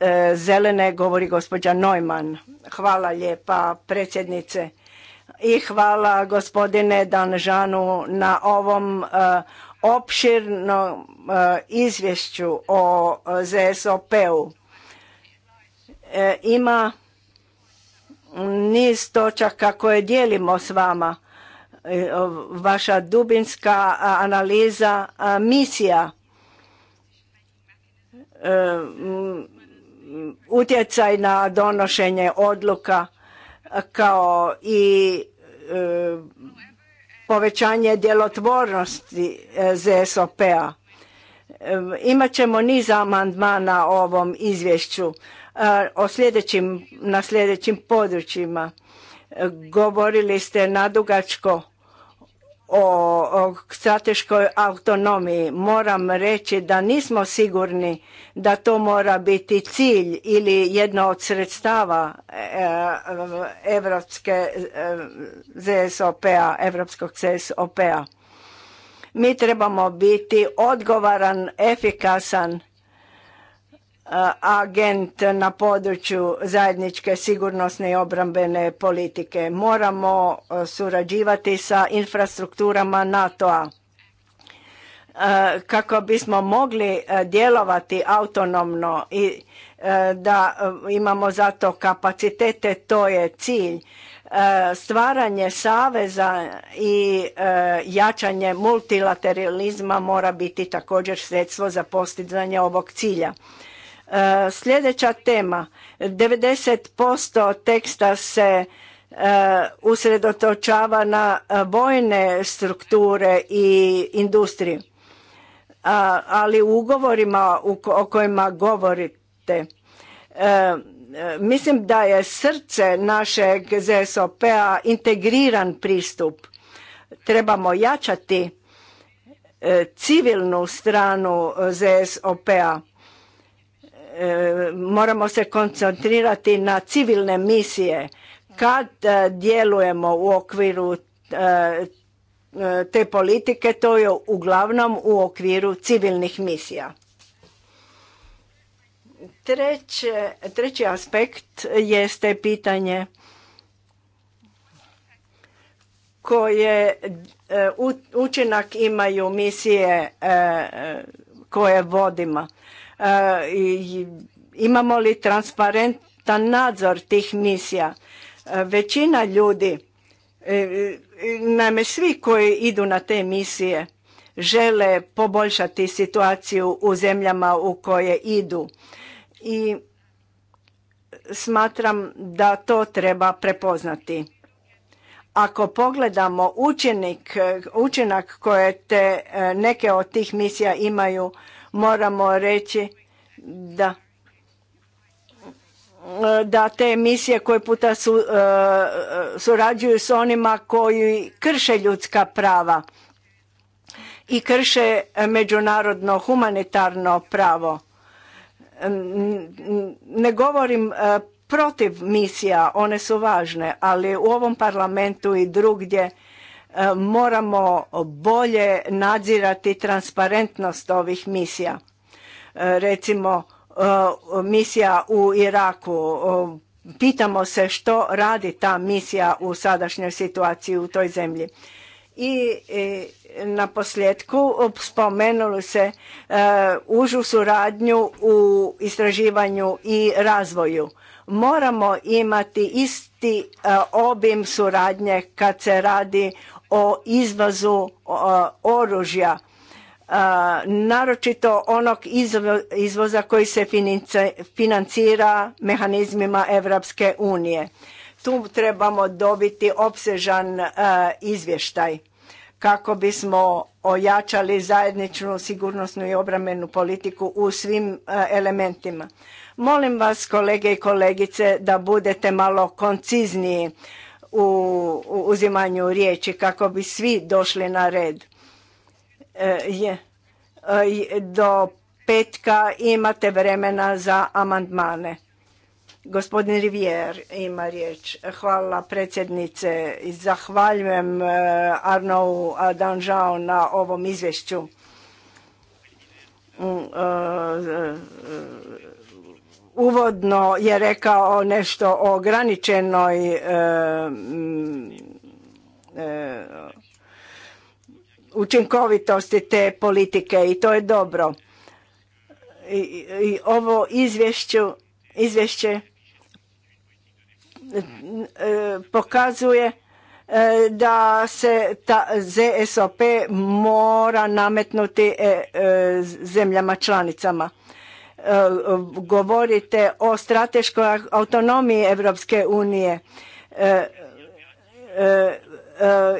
E, zelene govori gospođa Neumann. Hvala lijepa predsjednice i hvala gospodine Danžanu na ovom e, opširnom e, izvješću o ZSOP-u. Ima niz točaka koje dijelimo s vama. Vaša dubinska analiza misija utjecaj na donošenje odluka kao i e, povećanje djelotvornosti e, ZSOP-a. Imaćemo imat niz amandmana o ovom izvješću e, o na sljedećim područjima. Govorili ste nadugačko o strateškoj autonomiji moram reći da nismo sigurni da to mora biti cilj ili jedno od sredstava e, e, evropske e, ZSOP-a, evropskog csop a Mi trebamo biti odgovoran, efikasan agent na području zajedničke sigurnosne i obrambene politike. Moramo e, surađivati sa infrastrukturama NATO-a e, kako bismo mogli e, djelovati autonomno i da imamo zato kapacitete, to je cilj. Stvaranje saveza i jačanje multilateralizma mora biti također sredstvo za postizanje ovog cilja. E, sljedeća tema, 90% teksta se e, usredotočava na e, vojne strukture i industriju. Ali u ugovorima o kojima govorite, mislim da je srce našeg ZSOP-a integriran pristup. Trebamo jačati civilnu stranu ZSOP-a E, moramo se koncentrirati na civilne misije kad e, djelujemo u okviru e, te politike to je uglavnom u okviru civilnih misija Treće, treći aspekt jeste pitanje koje učinak imaju misije koje vodimo imamo li transparentan nadzor tih misija. E, većina ljudi, e, e, naime svi koji idu na te misije, žele poboljšati situaciju u zemljama u koje idu. I smatram da to treba prepoznati. Ako pogledamo učenik učinak koje te neke od tih misija imaju moramo reći da da te misije koje puta su, e, surađuju s onima koji krše ljudska prava i krše međunarodno humanitarno pravo. Ne govorim e, protiv misija, one su važne, ali u ovom parlamentu i drugdje E, moramo bolje nadzirati transparentnost ovih misija. E, recimo, e, misija u Iraku. Pitamo se što radi ta misija u sadašnjoj situaciji u toj zemlji. I na posljedku spomenuli se užu suradnju u istraživanju i razvoju. Moramo imati isti obim suradnje kad se radi o izvozu oružja, naročito onog izvoza koji se financira mehanizmima Evropske unije. Tu trebamo dobiti opsežan e, izvještaj kako bismo ojačali zajedničnu sigurnosnu i obramenu politiku u svim e, elementima. Molim vas kolege i kolegice da budete malo koncizniji u uzimanju riječi kako bi svi došli na red. E, je, e, do petka imate vremena za amandmane. Gospodin Rivier ima riječ. Hvala predsjednice zahvaljujem e, Arnou Danžao na ovom izvješću mm, uvodno je rekao nešto o ograničenoj e, e, učinkovitosti te politike i to je dobro. I, ovo izvješće e, pokazuje da se ta ZSOP mora nametnuti zemljama članicama govorite o strateškoj autonomiji Europske unije e, e, e,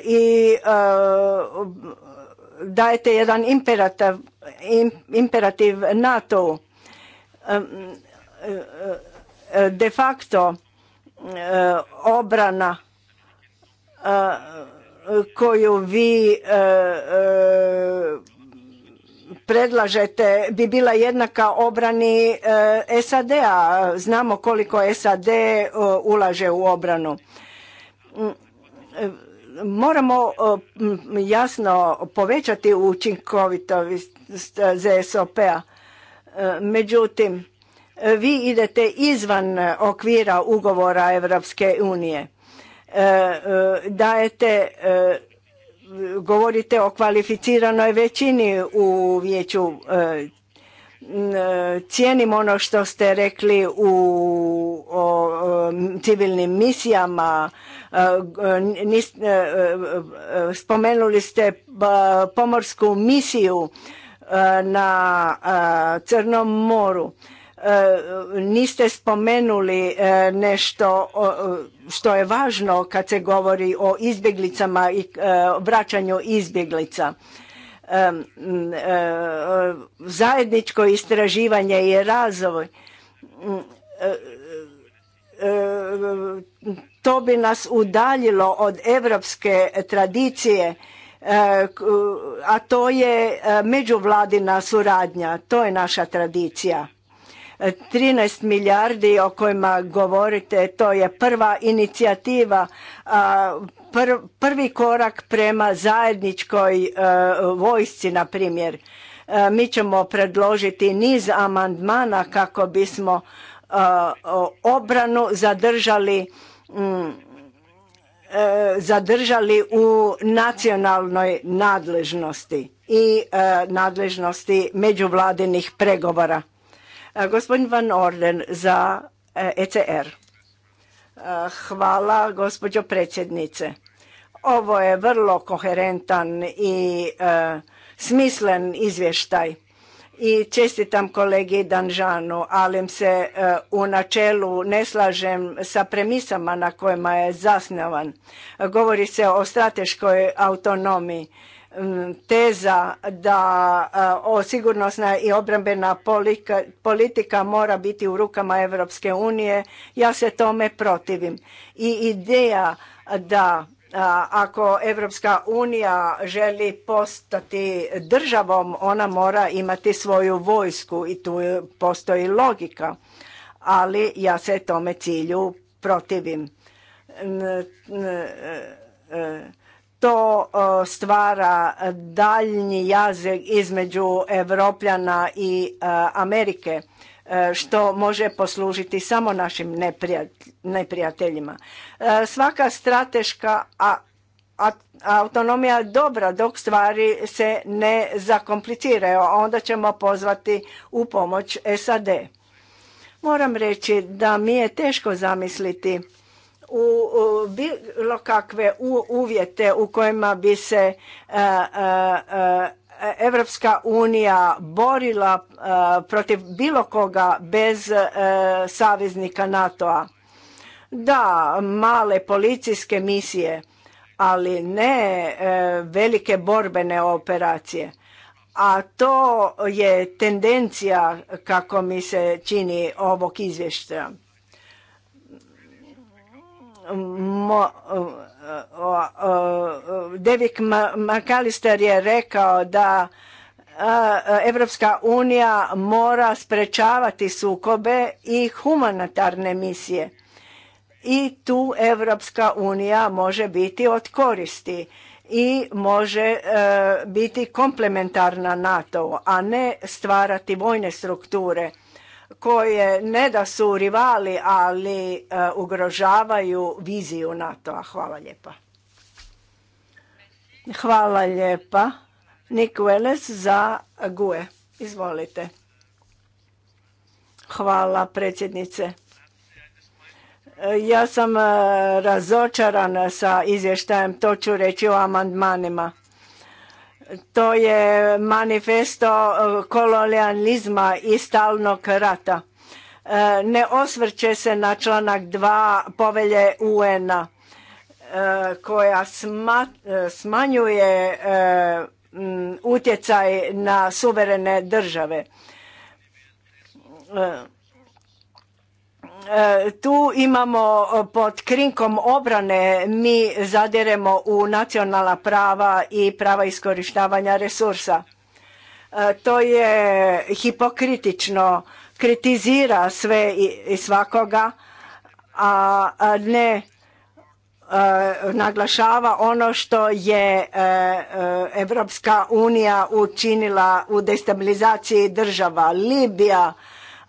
i dajete jedan imperativ, imperativ nato De facto obrana koju vi predlažete bi bila jednaka obrani e, SAD-a. Znamo koliko SAD e, ulaže u obranu. Mm, e, moramo jasno povećati učinkovitost ZSOP-a. Međutim, vi idete izvan okvira ugovora Europske unije. Dajete govorite o kvalificiranoj većini u vijeću. E, e, cijenim ono što ste rekli u o civilnim misijama. E, spomenuli ste pomorsku misiju na Crnom moru. E, niste spomenuli e, nešto što je važno kad se govori o izbjeglicama i e, vraćanju izbjeglica. Zajedničko istraživanje i razvoj to bi nas udaljilo od evropske tradicije a to je međuvladina suradnja, to je naša tradicija. 13 milijardi o kojima govorite, to je prva inicijativa, prvi korak prema zajedničkoj e, vojsci, na primjer. E, mi ćemo predložiti niz amandmana kako bismo e, obranu zadržali zadržali u nacionalnoj nadležnosti i nadležnosti međuvladinih pregovora. Eh, gospodin Van Orden za ECR. Eh, e eh, hvala gospođo predsjednice. Ovo je vrlo koherentan i smislen izvještaj i čestitam kolegi Danžanu, ali se u načelu ne slažem sa premisama na kojima je zasnovan. Govori se o strateškoj autonomiji teza da e, o sigurnosna i obrambena politika, mora biti u rukama Europske unije, ja se tome protivim. I ideja da ako Europska unija želi postati državom, ona mora imati svoju vojsku i tu postoji logika, ali ja se tome cilju protivim e, e, to stvara daljnji jazeg između Evropljana i e, Amerike e, što može poslužiti samo našim neprijateljima. E, svaka strateška autonomija je dobra dok stvari se ne zakompliciraju, a onda ćemo pozvati u pomoć SAD. Moram reći da mi je teško zamisliti u bilo kakve uvjete u kojima bi se e, e, e, Evropska unija borila protiv bilo koga bez saveznika NATO-a. Da, male policijske misije, ali ne velike borbene operacije. A to je tendencija, kako mi se čini, ovog izvještaja. Mo, Devik McAllister je rekao da Evropska unija mora sprečavati sukobe i humanitarne misije. I tu Evropska unija može biti od koristi i može e, biti komplementarna NATO, a ne stvarati vojne strukture koje ne da su rivali, ali e, ugrožavaju viziju NATO-a. Hvala lijepa. Hvala lijepa. Nick Welles za GUE. Izvolite. Hvala predsjednice. Ja sam e, razočaran sa izvještajem, to ću reći o amandmanima. To je manifesto e, kolonializma i stalnog rata. E, ne osvrće se na članak 2 povelje UN-a e, koja smanjuje utjecaj na suverene države E, tu imamo e, pod krinkom obrane mi zadiremo u nacionalna prava i prava iskorištavanja resursa. E, to je hipokritično, kritizira sve i svakoga, a ne naglašava ono što je Evropska unija učinila u destabilizaciji država. Libija,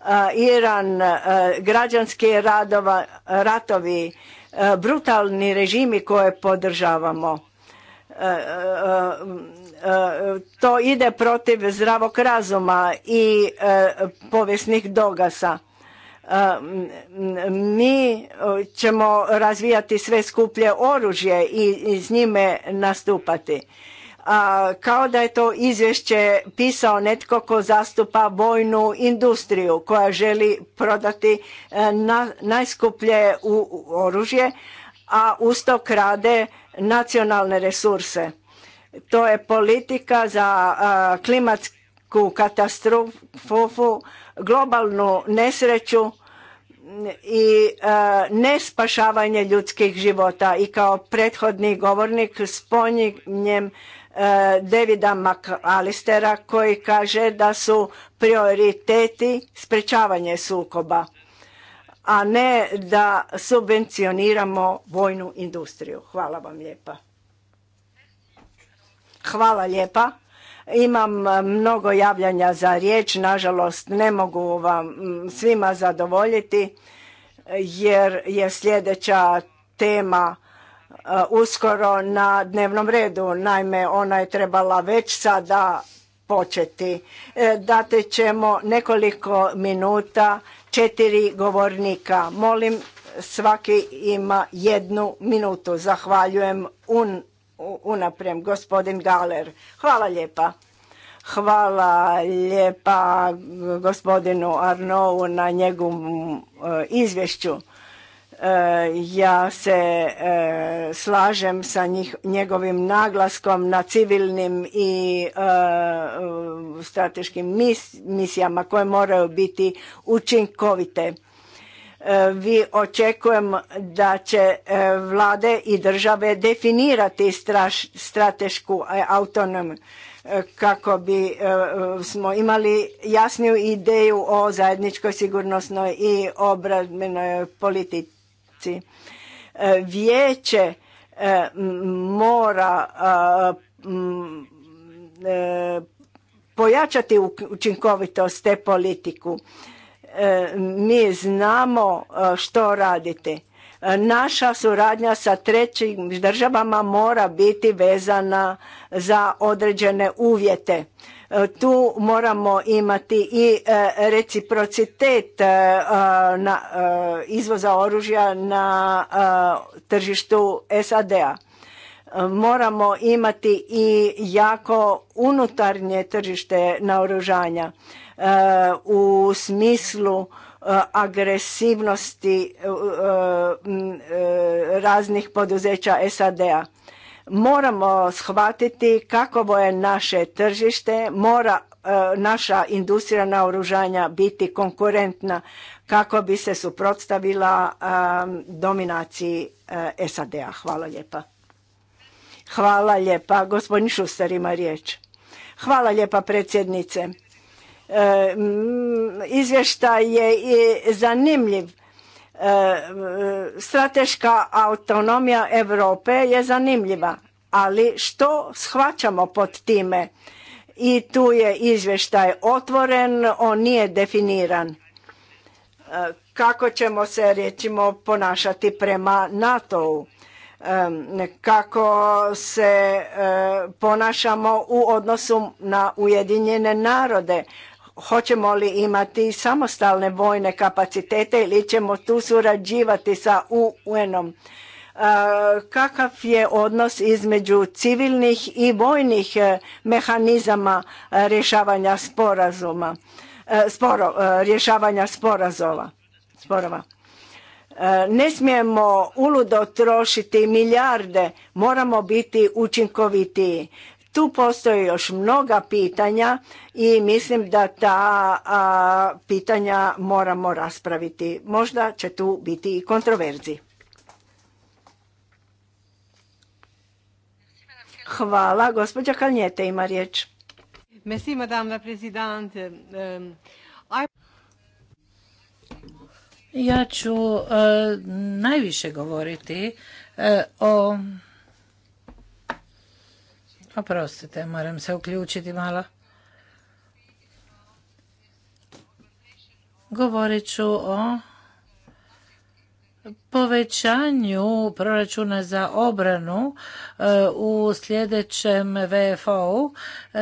Eh, Iran, eh, građanski radova, ratovi, eh, brutalni režimi koje podržavamo. To ide protiv zdravog razuma i povijesnih dogasa. Mi ćemo razvijati sve skuplje oružje i s njime nastupati kao da je to izvješće pisao netko ko zastupa vojnu industriju koja želi prodati e, najskuplje u, oružje, a usto krade nacionalne resurse. To je politika za klimatsku katastrofu, globalnu nesreću i e, ne nespašavanje ljudskih života. I kao prethodni govornik spominjem E, Davida McAllistera koji kaže da su prioriteti sprečavanje sukoba, a ne da subvencioniramo vojnu industriju. Hvala vam lijepa. Hvala lijepa. Imam mnogo javljanja za riječ, nažalost ne mogu vam svima zadovoljiti jer je sljedeća tema Uh, uskoro na dnevnom redu. Naime, ona je trebala već sada početi. E, Date ćemo nekoliko minuta četiri govornika. Molim, svaki ima jednu minutu. Zahvaljujem un, unaprem gospodin Galer. Hvala lijepa. Hvala lijepa gospodinu Arnou na njegovom e, izvješću Eh, ja se eh, slažem sa njegovim naglaskom na civilnim i eh, strateškim misijama koje moraju biti učinkovite vi očekujem da će vlade i države definirati stratešku autonomiju kako bi smo imali jasniju ideju o zajedničkoj sigurnosnoj i obrambenoj politici. E, vijeće e, mora e, pojačati učinkovitost te politiku. Mi znamo što raditi. Naša suradnja sa trećim državama mora biti vezana za određene uvjete. E, tu moramo imati i e, reciprocitet e, na izvoza oružja na tržištu SAD-a. Moramo imati i jako unutarnje tržište naoružanja u smislu agresivnosti raznih poduzeća SAD-a Moramo shvatiti kakovo je naše tržište, mora e, naša industrija oružanja biti konkurentna kako bi se suprotstavila e, dominaciji e, SAD-a. Hvala lijepa. Hvala lijepa. Gospodin Šuster ima riječ. Hvala lijepa predsjednice. Izvještaj je zanimljiv Eh, eh, strateška autonomija Europe je zanimljiva, ali što shvaćamo pod time? I tu je izvještaj otvoren, on nije definiran. Eh, kako ćemo se, recimo, ponašati prema NATO-u? kako se ponašamo u odnosu na Ujedinjene narode, Hoćemo li imati samostalne vojne kapacitete ili ćemo tu surađivati sa UN-om? E, kakav je odnos između civilnih i vojnih e, mehanizama e, rješavanja sporazuma, sporo, rješavanja sporazova, sporova? Ne smijemo uludo trošiti milijarde, moramo biti učinkovitiji. Tu postoje još mnoga pitanja i mislim da ta pitanja moramo raspraviti. Možda će tu biti i kontroverzi. Hvala. Gospođa Kalnjete ima riječ. Merci, madame la présidente. Ja ću e, najviše govoriti e, o Oprostite, moram se uključiti malo. Govorit ću o povećanju proračuna za obranu e, u sljedećem VFO-u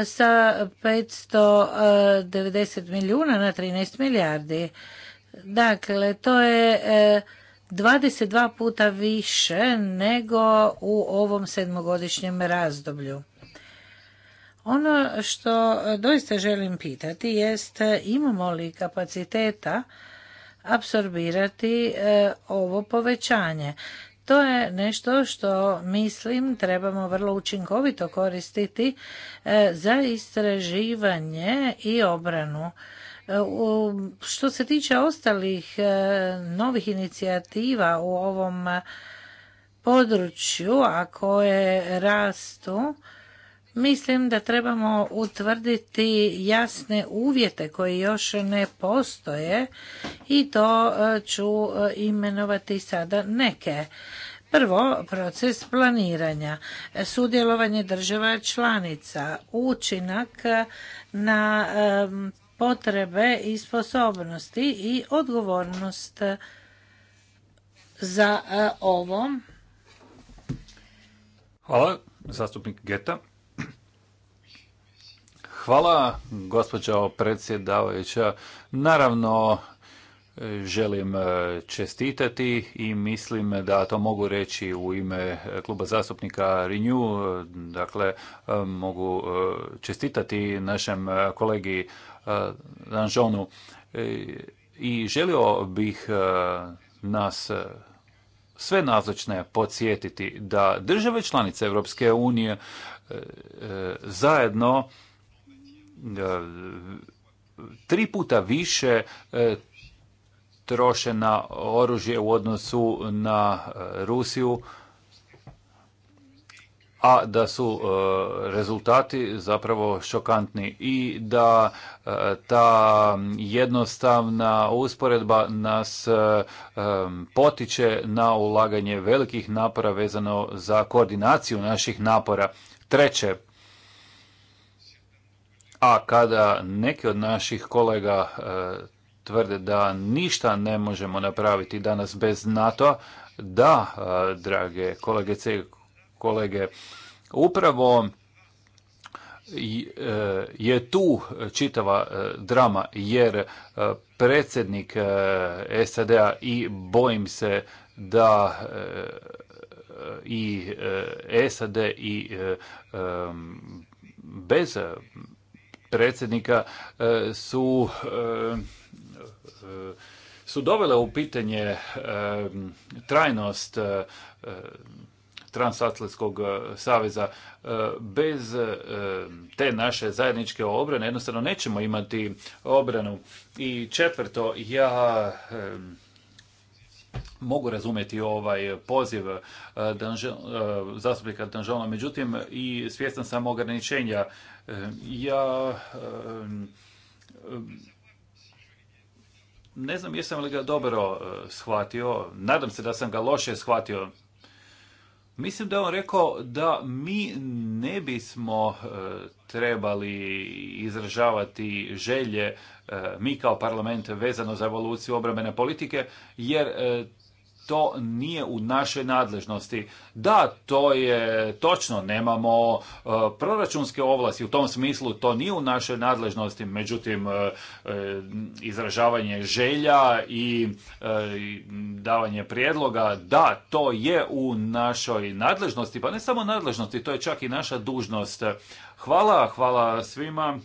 sa 590 milijuna na 13 milijardi. Dakle, to je 22 e, puta više nego u ovom sedmogodišnjem razdoblju. Ono što e, doista želim pitati jest e, imamo li kapaciteta apsorbirati e, ovo povećanje. To je nešto što mislim trebamo vrlo učinkovito koristiti za istraživanje i obranu. Što se tiče ostalih novih inicijativa u ovom području, a koje rastu, Mislim da trebamo utvrditi jasne uvjete koji još ne postoje i to e, ću e, imenovati sada neke. Prvo, proces planiranja, sudjelovanje država članica, učinak e, na potrebe i sposobnosti i odgovornost za ovo. Hvala, zastupnik Geta. Hvala, gospođo predsjedavajuća. Naravno, želim e, čestitati i mislim da to mogu reći u ime kluba zastupnika Renew. Dakle, e, mogu e, čestitati našem kolegi Danžonu i želio bih nas sve nazočne podsjetiti da države članice Europske unije zajedno tri puta više e, troše na oružje u odnosu na e, Rusiju, a da su e, rezultati zapravo šokantni i da ta jednostavna usporedba nas potiče na ulaganje velikih napora vezano za koordinaciju naših napora. Treće, a kada neki od naših kolega e, tvrde da ništa ne možemo napraviti danas bez NATO, da, e, drage kolegice i kolege, upravo e, je tu čitava drama, jer predsjednik SAD-a i bojim se da i SAD i bez predsjednika e, su e, e, su dovele u pitanje trajnost transatlantskog saveza bez te naše zajedničke obrane jednostavno nećemo imati obranu i četvrto ja mogu razumjeti ovaj poziv eh, eh, zastupnika Danžona, međutim i svjestan sam ograničenja. Eh, ja ne znam jesam li ga dobro shvatio, nadam se da sam ga loše shvatio, Mislim da je on rekao da mi ne bismo e, trebali izražavati želje e, mi kao parlament vezano za evoluciju obrambene politike jer e, to nije u našoj nadležnosti. Da, to je točno, nemamo e, proračunske ovlasti, u tom smislu to nije u našoj nadležnosti, međutim e, e, izražavanje želja i davanje prijedloga, da, to je u našoj nadležnosti, pa ne samo nadležnosti, to je čak i naša dužnost. Hvala, hvala svima.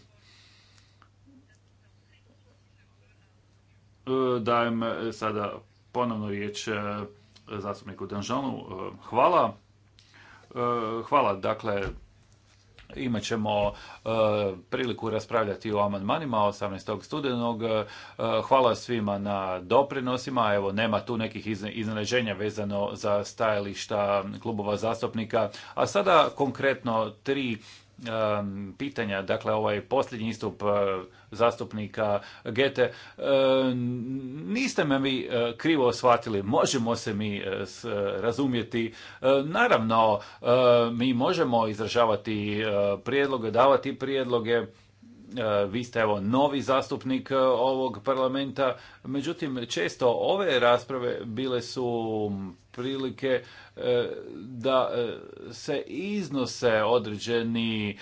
Dajem sada ponovno riječ e, zastupniku Danžanu. E, hvala. E, hvala, dakle, imat ćemo priliku raspravljati o amandmanima 18. studenog. Hvala svima na doprinosima. Evo, nema tu nekih iznaleženja vezano za stajališta klubova zastupnika. A sada konkretno tri pitanja, dakle ovaj posljednji istup e, zastupnika Gete, e, niste me vi e, krivo shvatili, možemo se mi razumjeti. Naravno, mi možemo izražavati prijedloge, davati prijedloge, E, vi ste evo novi zastupnik e, ovog parlamenta, međutim često ove rasprave bile su prilike e, da se iznose određeni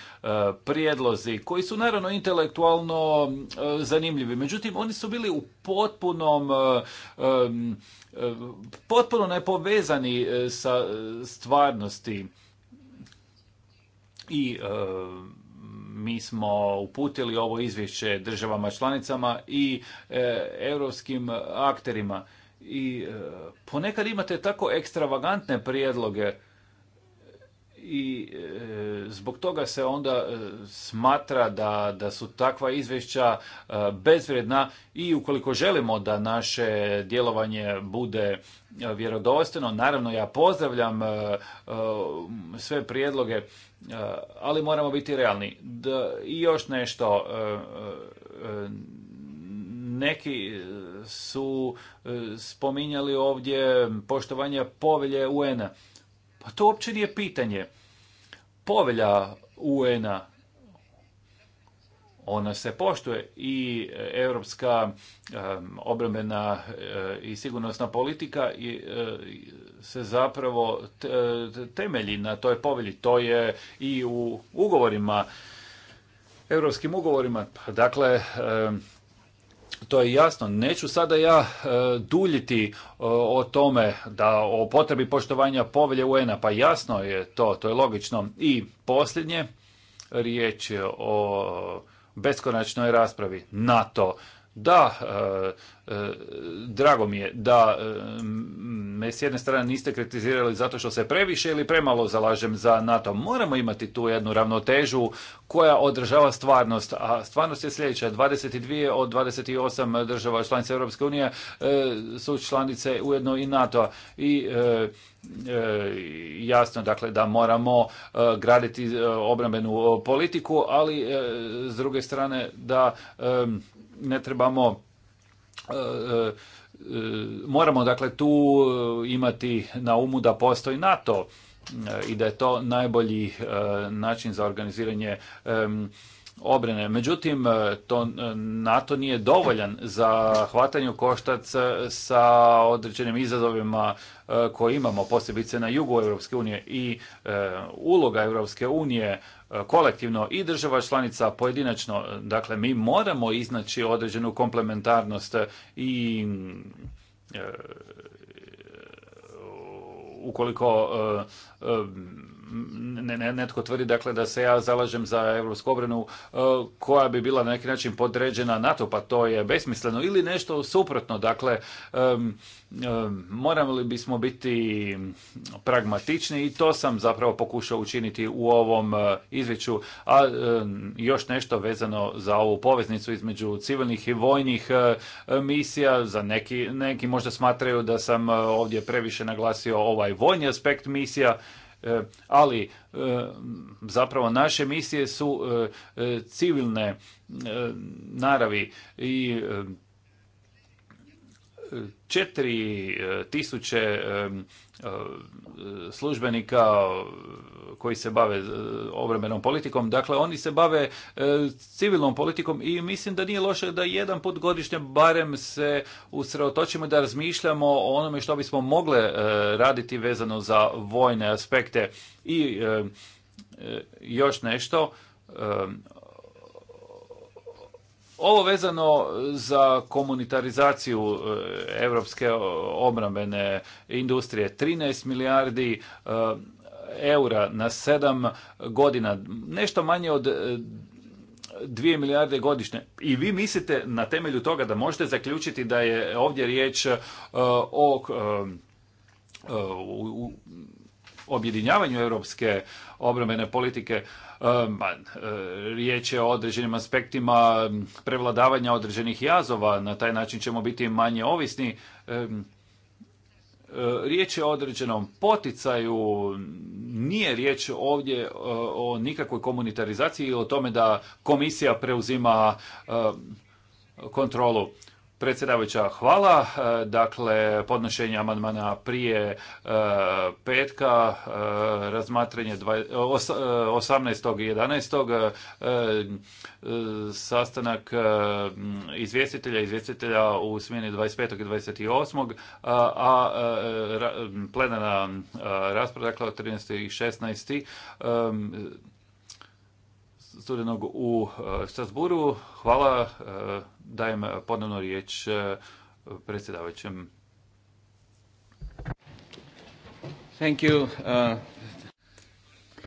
prijedlozi koji su naravno intelektualno zanimljivi. Međutim, oni su bili u potpunom potpuno nepovezani sa stvarnosti i mi smo uputili ovo izvješće državama članicama i e, europskim akterima i e, ponekad imate tako ekstravagantne prijedloge i e, zbog toga se onda e, smatra da, da su takva izvješća e, bezvredna i ukoliko želimo da naše djelovanje bude vjerodostojno, naravno ja pozdravljam sve prijedloge, ali moramo biti realni. I još nešto, neki su spominjali ovdje poštovanje povelje UN-a. A pa to uopće nije pitanje. Povelja UN-a ona se poštuje i europska e, obrambena e, i sigurnosna politika e, se zapravo temelji na toj povelji. To je i u ugovorima, europskim ugovorima. Pa dakle, to je jasno. Neću sada ja e, duljiti e, o, tome da o potrebi poštovanja povelje UN-a, pa jasno je to, to je logično. I posljednje, riječ je o beskonačnoj raspravi NATO da, e, e, drago mi je da e, me s jedne strane niste kritizirali zato što se previše ili premalo zalažem za NATO. Moramo imati tu jednu ravnotežu koja održava stvarnost, a stvarnost je sljedeća. 22 od 28 država članica Europske unije e, su članice ujedno i NATO. I jasno dakle da moramo graditi obrambenu politiku, ali s druge strane da ne trebamo e, e, moramo dakle tu e, imati na umu da postoji NATO i da je to najbolji način za organiziranje obrane. Međutim, e, to e, NATO nije dovoljan za hvatanje u koštac e, sa određenim izazovima koje imamo, posebice na jugu Europske unije i uloga Europske unije kolektivno i država članica pojedinačno. Dakle, mi moramo iznaći određenu komplementarnost i ukoliko netko tvrdi dakle da se ja zalažem za europsku obranu e, koja bi bila na neki način podređena NATO, pa to je besmisleno ili nešto suprotno. Dakle, morali bismo biti pragmatični i to sam zapravo pokušao učiniti u ovom e, izvješću. A još nešto vezano za ovu poveznicu između civilnih i vojnih e, misija. Za neki, neki možda smatraju da sam ovdje previše naglasio ovaj vojni aspekt misija. E, ali e, zapravo naše misije su e, civilne naravi i E, tisuće e, službenika koji se bave e, obrambenom politikom, dakle oni se bave civilnom politikom i mislim da nije loše da jedan put godišnje barem se usreotočimo da razmišljamo o onome što bismo mogle raditi vezano za vojne aspekte i još nešto ovo vezano za komunitarizaciju e, evropske obrambene industrije, 13 milijardi e, eura na 7 godina, nešto manje od 2 e, milijarde godišnje. I vi mislite na temelju toga da možete zaključiti da je ovdje riječ o objedinjavanju europske obrambene politike. E, e, riječ je o određenim aspektima prevladavanja određenih jazova, na taj način ćemo biti manje ovisni. E, riječ je o određenom poticaju, nije riječ ovdje o nikakvoj komunitarizaciji ili o tome da komisija preuzima kontrolu. Predsjedavajuća, hvala. E, dakle, podnošenje amandmana prije e, petka, e, razmatranje 18. i 11. sastanak izvjestitelja, izvjestitelja u smjeni 25. i 28. a plenana rasprava, dakle, 13. i 16 studenog u e, Strasburu. Hvala, e, dajem ponovno riječ e, predsjedavajućem. Thank you, uh,